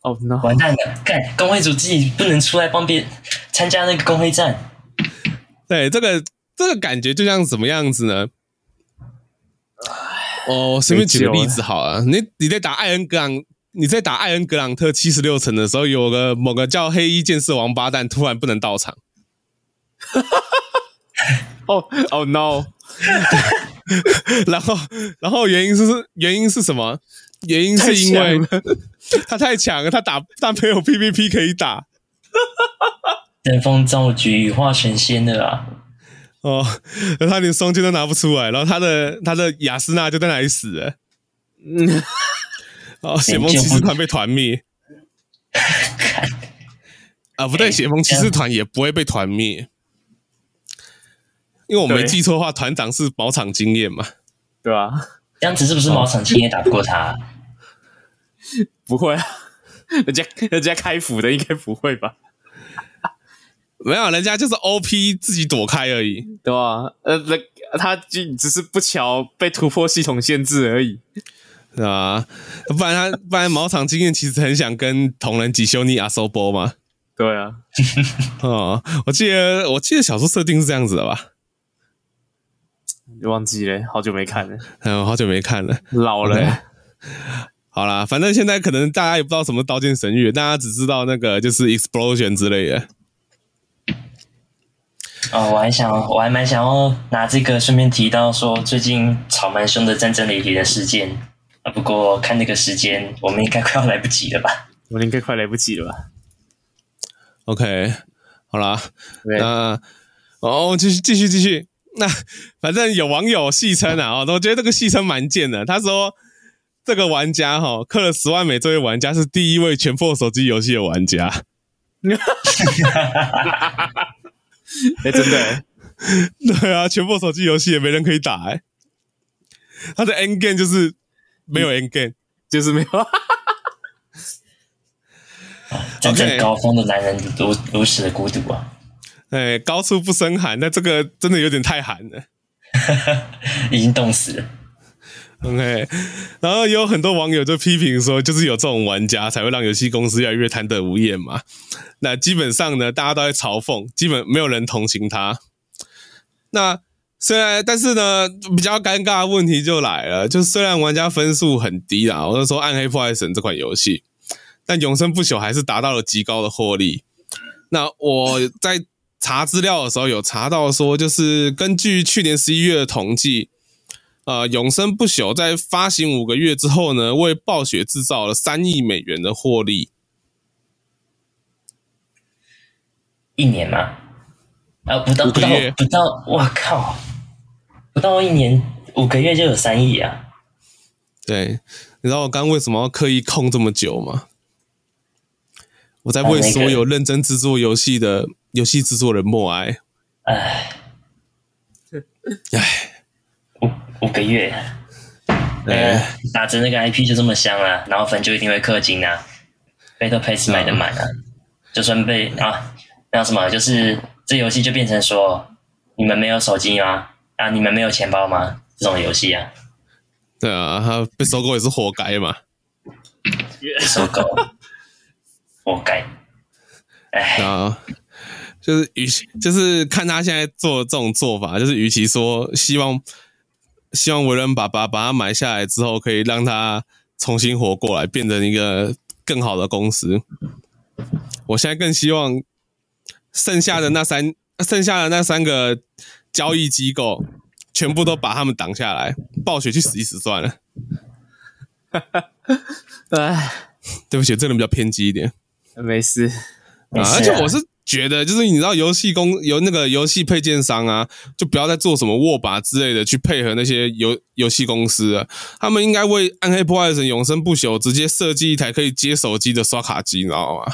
哦，Oh no. 完蛋了！幹，工會主自己不能出來幫別人參加那個工會戰。對，這個這個感覺就像什麼樣子呢？哦，隨、oh, 便舉個例子好了，了你你在打艾恩格朗，你在打艾恩格朗特七十六層的時候，有個某個叫黑衣劍士王八蛋突然不能到場，哦哦 no，然後然後原因是原因是什麼？原因是因為太 他太強了，他打他沒有 PVP 可以打，登峰造極羽化成仙的啦、啊。哦，那他連雙劍都拿不出來，然後他的他的亞絲娜就在那裡死了，嗯，哦，血盟騎士團被團滅，哎、啊，不對，哎、血盟騎士團也不會被團滅，因為我沒記錯的話，對團長是茅場晶彥嘛，對吧、啊？這樣子是不是茅場晶彥打不過他、哦？不會啊，人家人家開服的應該不會吧？ 沒有，人家就是 OP 自己躲開而已，對吧、啊？呃，他就只是不巧被突破系統限制而已，啊，不然他 不然茅場經驗其實很想跟同人級修尼阿搜波嘛，對啊， 哦，我記得我記得小說設定是這樣子的吧？忘記了，好久沒看了，嗯，好久沒看了，老了、okay。好啦，反正現在可能大家也不知道什麼《刀劍神域》，大家只知道那個就是《Explosion》之類的。哦，我還想，我還蠻想要拿這個順便提到說，最近吵蠻兇的戰爭雷霆的事件啊。不過看那個時間，我們應該快要來不及了吧？我應該快來不及了吧？OK，好啦。那對、呃、哦，繼續繼續繼續。那、啊、反正有網友戲稱啊、哦，我覺得這個戲稱蠻賤的。他說，這個玩家哈、哦、氪了十萬美，這位玩家是第一位全破手機遊戲的玩家。哈。 哎、欸，真的， 對啊，全部手機遊戲也沒人可以打哎、欸。他的 end game 就是沒有 end game，就是沒有 game,、嗯。站在是、 啊、高峰的男人 Okay 如如此的孤獨啊！哎、欸，高處不勝寒，那這個真的有點太寒了， 已經凍死了。OK，然後也有很多網友就批評說，就是有這種玩家才會讓遊戲公司越來越貪得無厭嘛。那基本上呢，大家都在嘲諷，基本沒有人同情他。那雖然，但是呢，比較尷尬的問題就來了，就雖然玩家分數很低啦，我都說《暗黑破壞神》這款遊戲，但永生不朽還是達到了極高的獲利。那我在查資料的時候有查到說，就是根據去年十一月的統計。呃，永生不朽在發行五個月之後呢，為暴雪製造了三億美元的獲利。一年嗎？啊，不到不到不到，哇靠！不到一年五個月就有三億啊！對，你知道我剛為什麼要刻意空這麼久嗎？我在為所有認真製作遊戲的遊戲製作人默哀。唉，唉。 五個月，嗯、欸，欸、打着那個 IP 就這麼香了、啊，然後粉就一定會氪金啊，beta pass 買的滿、啊、就算被啊，那什麼，就是這遊戲就變成說，你們沒有手機嗎？啊，你們沒有錢包嗎？這種遊戲啊，對啊，他被收購也是活該嘛，收購， 活該，哎，啊、嗯，就是與其，就是看他現在做這種做法，就是與其說希望。希望微軟爸爸把他買下來之後，可以讓他重新活過來，變成一個更好的公司。我現在更希望剩下的那三、剩下的那三個交易機構全部都把他們擋下來，暴雪去死一死算了。哈哈，對，對不起，這人比較偏激一點。沒事，啊，沒事啊、而且我是。覺得就是你知道遊戲公有那個遊戲配件商啊，就不要再做什麼握把之類的去配合那些遊遊戲公司了。他們應該為《暗黑破壞神：永生不朽》直接設計一台可以接手機的刷卡機，啊、你知道嗎？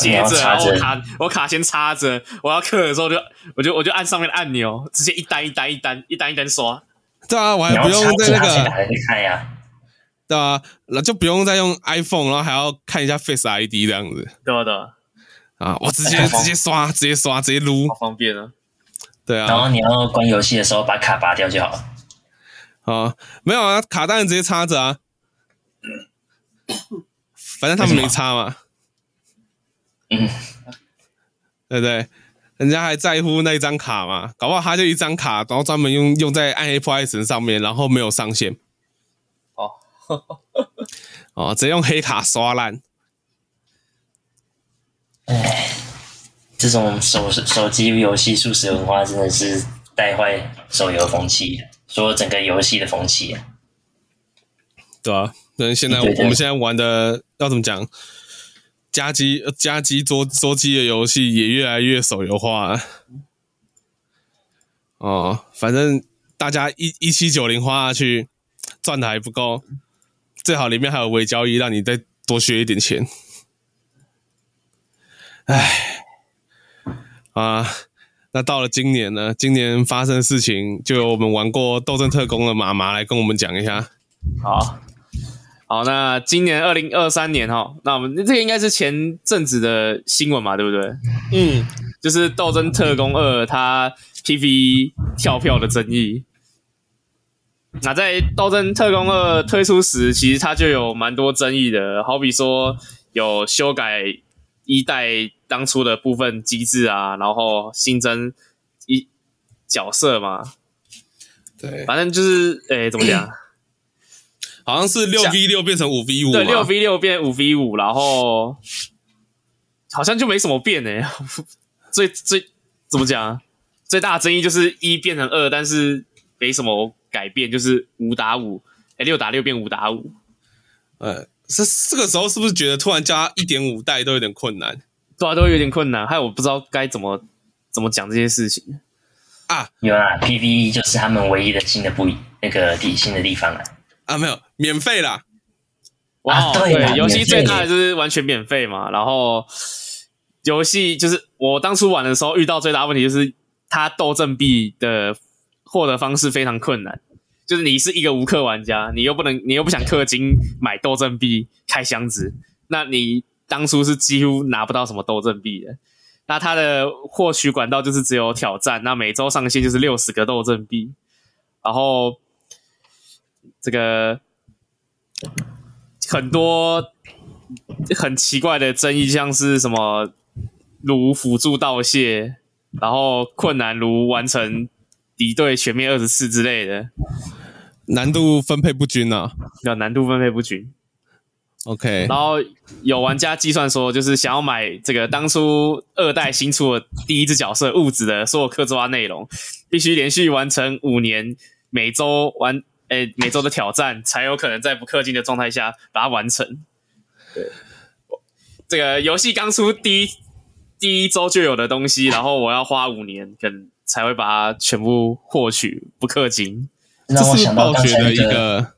接着我卡我卡先插着，我要氪的時候就我就我就，我就按上面的按鈕，直接一單一單一單一單一單刷。對啊，我還不用在這、那個，還在、啊、對啊，那就不用再用 iPhone，然後還要看一下 Face ID 這樣子。對啊，對啊。啊！我直接直接刷， 直接刷，直接刷，直接擼，方便啊！對啊。然後你要關遊戲的時候把卡拔掉就好了。啊，沒有啊，卡當然直接插着啊。 反正他們沒插嘛。嗯， 對對對。人家還在乎那一張卡嘛，搞不好他就一張卡，然後專門用用在暗黑破壞神上面，然後沒有上線。哦。哦， 直接用黑卡刷爛。哎，這種手手機遊戲速食文化真的是帶壞手遊風氣，說整個遊戲的風氣。對啊，但是現在我們現在玩的對對對要怎麼講？家機、家機、桌桌機的遊戲也越來越手遊化了。哦，反正大家一一七九零花下去賺的還不夠，最好裡面還有微交易，讓你再多學一點錢。唉，啊，那到了今年呢？今年發生的事情，就由我們玩過《鬥陣特工》的媽媽來跟我們講一下。好，好，那今年二零二三年哈，那我們這個應該是前陣子的新聞嘛，對不對？嗯，就是《鬥陣特工二》它 PVE 跳票的爭議。那在《鬥陣特工二》推出時，其實它就有蠻多爭議的，好比說有修改。一代當初的部分機制啊，然後新增一角色嘛，對，反正就是誒、欸，怎麼講？ 好像是六 v 六變成五 v 五。對，六 v 六變五 v 五，然後好像就沒什麼變誒、欸。 最最怎麼講？最大的爭議就是一變成二，但是沒什麼改變，就是五打五，誒、欸，六打六變五打五，哎、欸。這這個時候是不是覺得突然加一點五代都有點困難？對啊，都有點困難，還有我不知道該怎麼怎麼講這些事情啊。有啦 PVE 就是他們唯一的新的不那個新的地方了啊,啊。沒有，免費啦。哇、哦啊，對，遊戲對最大的就是完全免費嘛。然後遊戲就是我當初玩的時候遇到最大的問題就是他鬥陣幣的獲得方式非常困難。就是你是一個無氪玩家，你又不能，你又不想氪金買鬥陣幣開箱子，那你當初是幾乎拿不到什麼鬥陣幣的。那他的獲取管道就是只有挑戰，那每周上限就是六十個鬥陣幣，然後這個很多很奇怪的爭議，像是什麼如輔助道謝，然後困難如完成敵對全面二十四之類的。難度分配不均啊，要難度分配不均。OK，然後有玩家計算說，就是想要買這個當初二代新出的第一只角色物質的所有客製化內容，必須連續完成五年每周玩誒、欸、每周的挑戰，才有可能在不氪金的狀態下把它完成。對，這個遊戲剛出第一第一周就有的東西，然後我要花五年，可能才會把它全部獲取，不氪金。我這是，是暴雪的一個，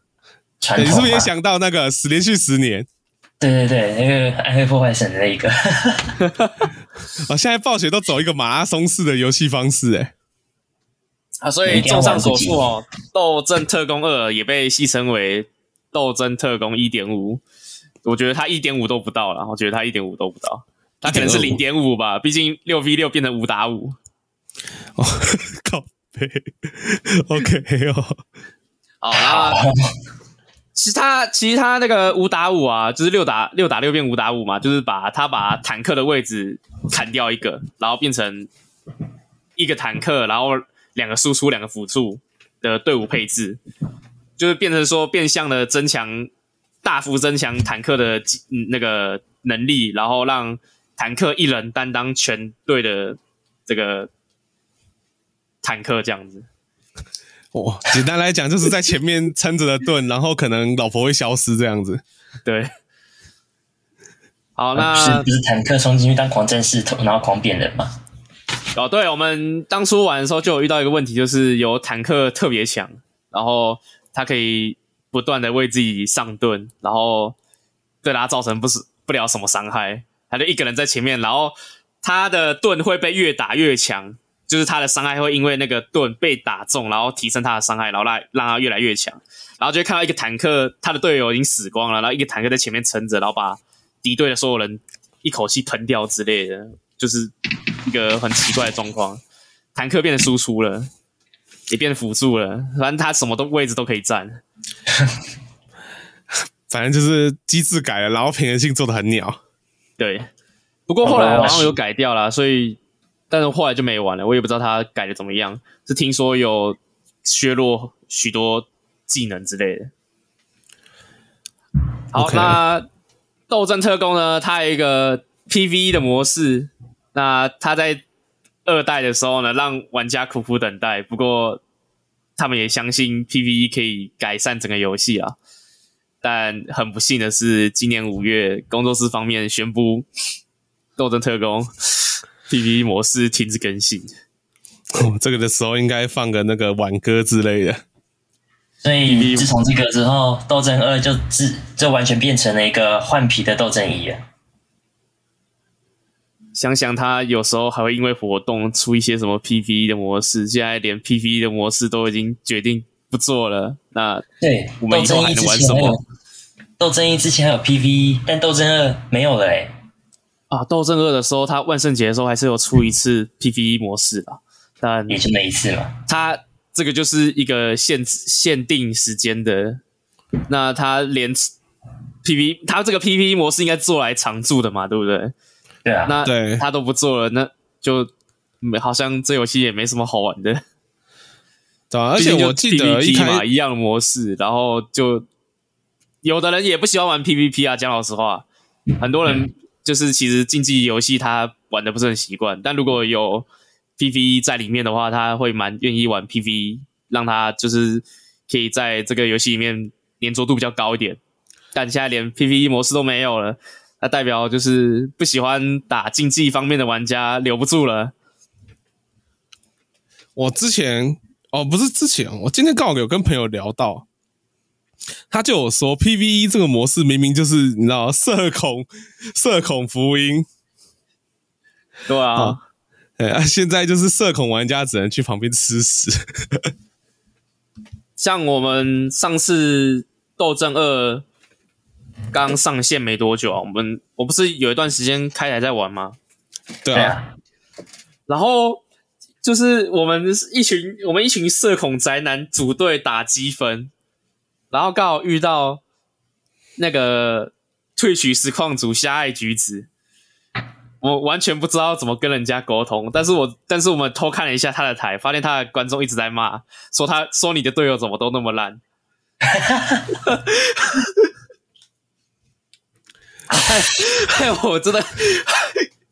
你是不是也想到那個連續十年？對對對，那個暗黑破壞神的一，那個。哈哈哈。啊，現在暴雪都走一個馬拉松式的遊戲方式，誒。啊，所以綜上所述哦，《鬥陣特工二》也被戲稱為《鬥陣特工一點五》，我覺得他一點五都不到了，我覺得他一點五都不到，他可能是零點五吧。1. 25? 畢竟六 v 六變成五打五。哦， 靠！OK 哦， okay, oh，好，然後，其他其他那個五打五啊，就是六打六打六變五打五嘛，就是把他把坦克的位置砍掉一個，然後變成一個坦克，然後兩個輸出，兩個輔助的隊伍配置，就是變成說，變相的增強，大幅增強坦克的那個能力，然後讓坦克一人擔當全隊的這個。坦克這樣子，哇、哦！簡單來講，就是在前面撐着的盾， 然後可能老婆會消失這樣子。對，好，那、啊、不是，不是坦克衝進去當狂戰士，然後狂扁人嗎？哦，對，我們當初玩的時候就有遇到一個問題，就是有坦克特別強，然後他可以不斷的為自己上盾，然後對他造成不是不了什麼傷害，他就一個人在前面，然後他的盾會被越打越強。就是他的傷害會因為那個盾被打中，然後提升他的傷害，然後讓讓他越來越強，然後就會看到一個坦克，他的隊友已經死光了，然後一個坦克在前面撐着，然後把敵對的所有人一口氣吞掉之類的，就是一個很奇怪的狀況。坦克變得輸出了，也變得輔助了，反正他什麼都位置都可以站， 反正就是機制改了，然後平衡性做的很鳥。對，不過後來然後又改掉了，所以。但是後來就沒玩了，我也不知道他改的怎麼樣。是聽說有削弱許多技能之類的。好，Okay. 那《鬥陣特工》呢？它有一個 PVE 的模式。那它在二代的時候呢，讓玩家苦苦等待。不過他們也相信 PVE 可以改善整個遊戲啊。但很不幸的是，今年五月，工作室方面宣布《鬥陣特工》。PVE 模式停止更新，哦對，這個的時候應該放個那個挽歌之類的。所以自從這個之後，鬥陣二就就完全變成了一個換皮的鬥陣一了。想想他有時候還會因為活動出一些什麼 PVE 的模式，現在連 PVE 的模式都已經決定不做了。那對我們以後還能玩什麼？鬥陣一之前還有，有 PVE，但鬥陣二沒有了嘞、欸。啊，鬥陣二的時候，他萬聖節的時候還是有出一次 PVE 模式的，但也是那一次了，他這個就是一個限限定時間的，那他連 PVE，他這個 PVE 模式應該做來常駐的嘛，對不對？對啊。那對他都不做了，那就好像這遊戲也沒什麼好玩的。對啊，而且我記得一嘛，一樣的模式，然後就有的人也不喜歡玩 PVP 啊，講老實話，很多人，嗯。就是其實競技遊戲他玩的不是很習慣，但如果有 PVE 在裡面的話，他會蠻願意玩 PVE，讓他就是可以在這個遊戲裡面黏著度比較高一點。但現在連 PVE 模式都沒有了，那代表就是不喜歡打競技方面的玩家留不住了。我之前哦，不是之前，我今天剛好有跟朋友聊到。他就有說 PVE 這個模式明明就是，你知道，社恐社恐福音，對啊，啊，現在就是社恐玩家只能去旁邊吃屎。 像我們上次《鬥陣二》剛上線沒多久啊，我們我不是有一段時間開台在玩嗎？對啊，對啊，然後就是我們一群我們一群社恐宅男組隊打積分。然後剛好遇到那個 Twitch 實況主瞎愛局子，我完全不知道怎麼跟人家溝通。但是我但是我們偷看了一下他的台，發現他的觀眾一直在罵，說他，說你的隊友怎麼都那麼爛。 哎，哎，我真的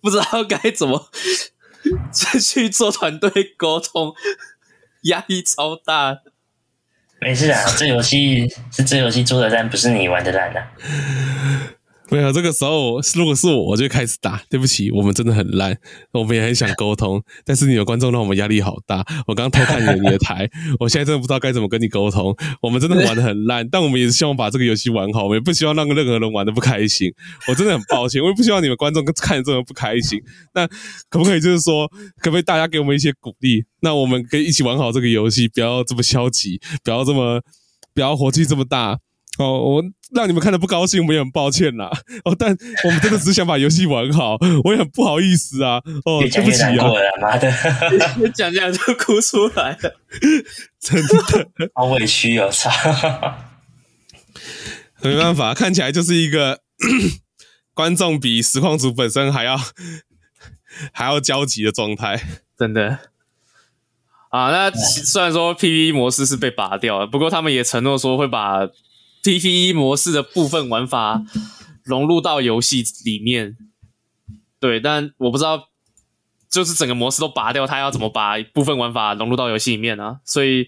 不知道該怎麼再去做團隊溝通，壓力超大。沒事啊，這遊戲是這遊戲做的爛，不是你玩的爛啦，啊。沒有，這個時候如果是我，我就開始打。對不起，我們真的很爛，我們也很想溝通，但是你們觀眾讓我們壓力好大。我剛偷看了你的台， 我現在真的不知道該怎麼跟你溝通。我們真的玩的很爛，但我們也是希望把這個遊戲玩好，我們也不希望讓任何人玩的不開心。我真的很抱歉， 我也不希望你們觀眾看的這麼不開心。那可不可以就是說，可不可以大家給我們一些鼓勵？那我們可以一起玩好這個遊戲，不要這麼消極，不要這麼，不要火氣這麼大。哦，我讓你們看得不高興，我們也很抱歉啦。哦，但我們真的只想把遊戲玩好， 我也很不好意思啊。哦，對不起啊，媽的，你講講就哭出來了， 真的好委屈哦，操。 沒辦法，看起來就是一個 觀眾比實況組本身還要還要焦急的狀態，真的。啊，那、嗯、雖然說 PVE 模式是被拔掉了，不過他們也承諾說會把。PVE 模式的部分玩法融入到遊戲裡面，對，但我不知道，就是整個模式都拔掉，他要怎麼把部分玩法融入到遊戲裡面呢、啊？所以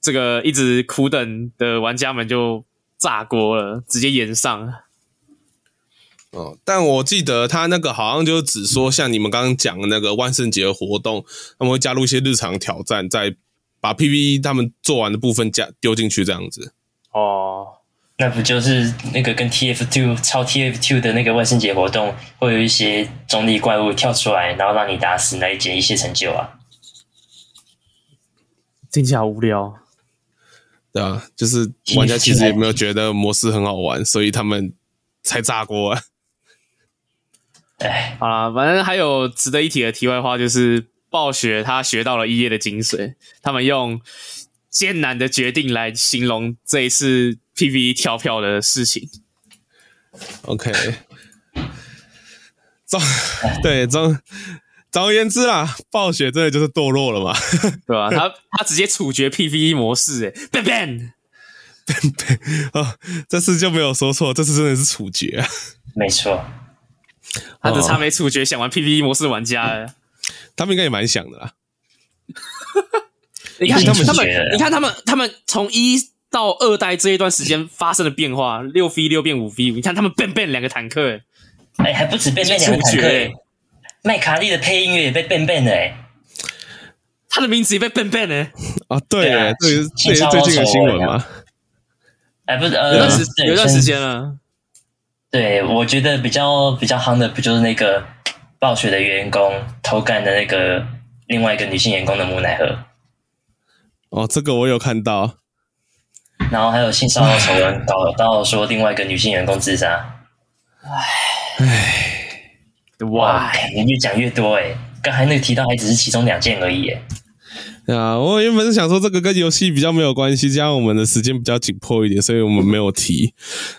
這個一直苦等的玩家們就炸鍋了，直接炎上。哦，但我記得他那個好像就只說像你們剛剛講的那個萬聖節活動，他們會加入一些日常挑戰，再把 PVE 他們做完的部分加丟進去這樣子。哦，那不就是那個跟 TF2 超 TF2 的那個萬聖節活動，會有一些中立怪物跳出來，然後讓你打死來解一,一些成就啊？聽起來好無聊。對啊，就是玩家其實也沒有覺得模式很好玩，所以他們才炸鍋啊？哎對，好了，反正還有值得一提的題外話，就是暴雪他學到了一夜的精髓，他們用。艱難的決定來形容這一次 PVE 跳票的事情。OK，總 對，總，總而言之啦，暴雪真的就是墮落了嘛？ 對啊，他他直接處決 PVE 模式、欸，誒，Bam bam bam bam，哦，這次就沒有說錯，這次真的是處決啊！ 沒錯，他就差沒處決想玩 PVE 模式玩家了、嗯。他們應該也蠻想的啦。 你看他們，你看他們，他們從一到二代這一段時間發生了變化，六 v 六變五 v 五。你看他們 ban ban 兩個坦克，哎，還不止 ban ban 兩個坦克，麥卡利的配音員也被 ban ban 了，哎，他的名字也被 ban ban 了，啊對，最近的新聞嘛，哎不是，呃有段時間了，對，我覺得比較比較夯的不就是那個暴雪的員工偷幹的那個另外一個女性員工的母奶盒。哦，這個我有看到。然後還有性騷擾醜聞，搞到說另外一個女性員工自殺。唉唉，哇，你越講越多哎！剛才那個提到還只是其中兩件而已哎。啊，我原本是想說這個跟遊戲比較沒有關係，這樣我們的時間比較緊迫一點，所以我們沒有提。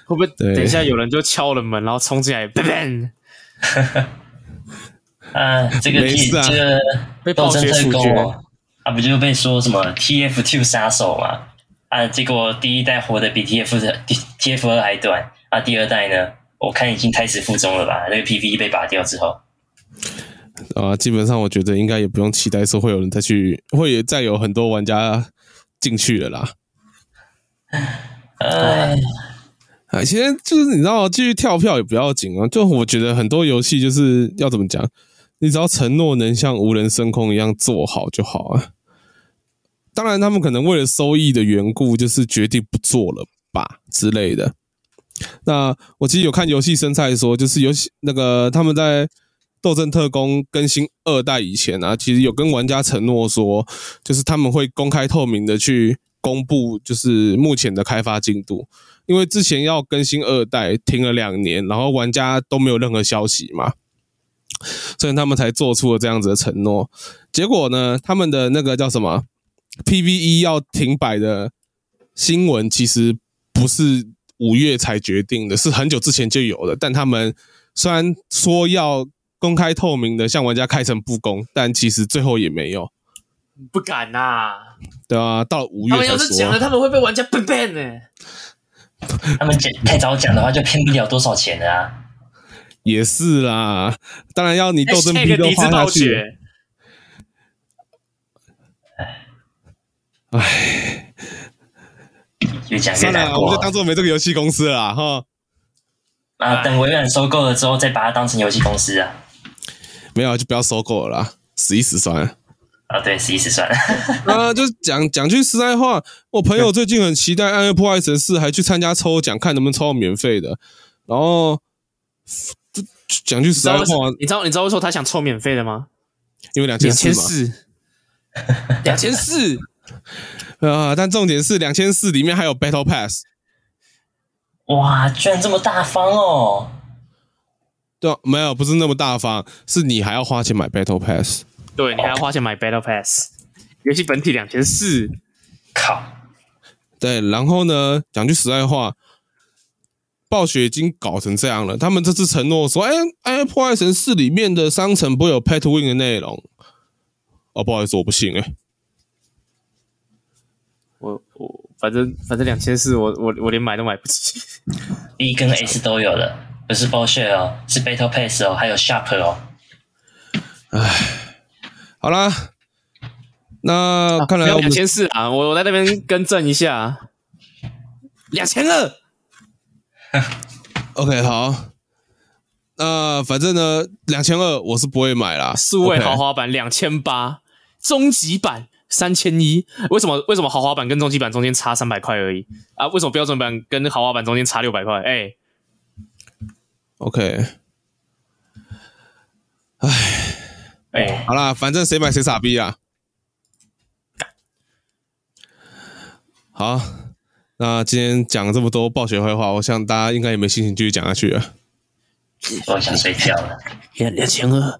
會不會等一下有人就敲了門，然後衝進來？哈哈對。啊、呃，這個沒事啊，被爆燈主角。啊、不就被說什麼 TF2 殺手嗎？啊，結果第一代活得比 TF 的 TF2 還短。啊，第二代呢，我看已經胎死腹中了吧？那個 PVE 被拔掉之後，啊，基本上我覺得應該也不用期待說會有人再去，會再有很多玩家進去了啦。哎唉，哎，哎，現在就是你知道，繼續跳票也不要緊啊。就我覺得很多遊戲就是要怎麼講，你只要承諾能像無人深空一樣做好就好啊。當然，他們可能為了收益的緣故，就是決定不做了吧之類的。那我其實有看遊戲生態，說就是遊戲那個他們在《鬥陣特工》更新二代以前啊，其實有跟玩家承諾說，就是他們會公開透明的去公布就是目前的開發進度。因為之前要更新二代停了兩年，然後玩家都沒有任何消息嘛，所以他們才做出了這樣子的承諾。結果呢，他們的那個叫什麼？PVE 要停擺的新聞，其實不是五月才決定的，是很久之前就有了。但他們雖然說要公開透明的向玩家開誠佈公，但其實最後也沒有。不敢啊，對啊，到了五月他們要是講了，他們會被玩家 ban 呢、欸。 他們講太早講的話，就騙不了多少錢啊。也是啦，當然要你鬥陣皮都花下去。唉，講過。算了，我們就當做沒這個遊戲公司了哈。啊，等微軟收購了之後，再把它當成遊戲公司啊。沒有，就不要收購了啦，死一死算了。啊，對，死一死算了。 啊，就是講講句實在話，我朋友最近很期待《暗夜破壞神四》，還去參加抽獎，看能不能抽到免費的。然後，講句實在話你，你知道你知道為什麼他想抽免費的嗎？因為兩千四， 兩千四。啊！但重點是，兩千四裡面還有 Battle Pass。哇，居然這麼大方哦！對，沒有，不是那麼大方，是你還要花錢買 Battle Pass。對，你還要花錢買 Battle Pass，遊戲、oh. 本體兩千四，靠！對，然後呢？講句實在話，暴雪已經搞成這樣了，他們這次承諾說：“哎、欸、哎、欸，破壞神四裡面的商城不會有 Pay to Win 的內容。啊”哦，不好意思，我不信、欸我我反正反正兩千四，我我我連買都買不起。 E 跟 S 都有的，不是包血哦，是 Battle Pass 哦，還有 Shop 哦。唉，好啦，那、啊、看來兩千四啊，我我在那邊更正一下，兩千二。 OK，好。那、呃、反正呢，兩千二我是不會買啦，數位豪華版兩千八，終極 Okay. 版。三千一？為什麼？為什麼豪華版跟終極版中間差三百塊而已啊？為什麼標準版跟豪華版中間差六百塊？哎、欸、OK，哎唉，哎、欸，好啦，反正誰買誰傻逼啊！好，那今天講這麼多暴雪壞話，我想大家應該也沒心情繼續講下去了。我想睡覺了。兩 千二、啊。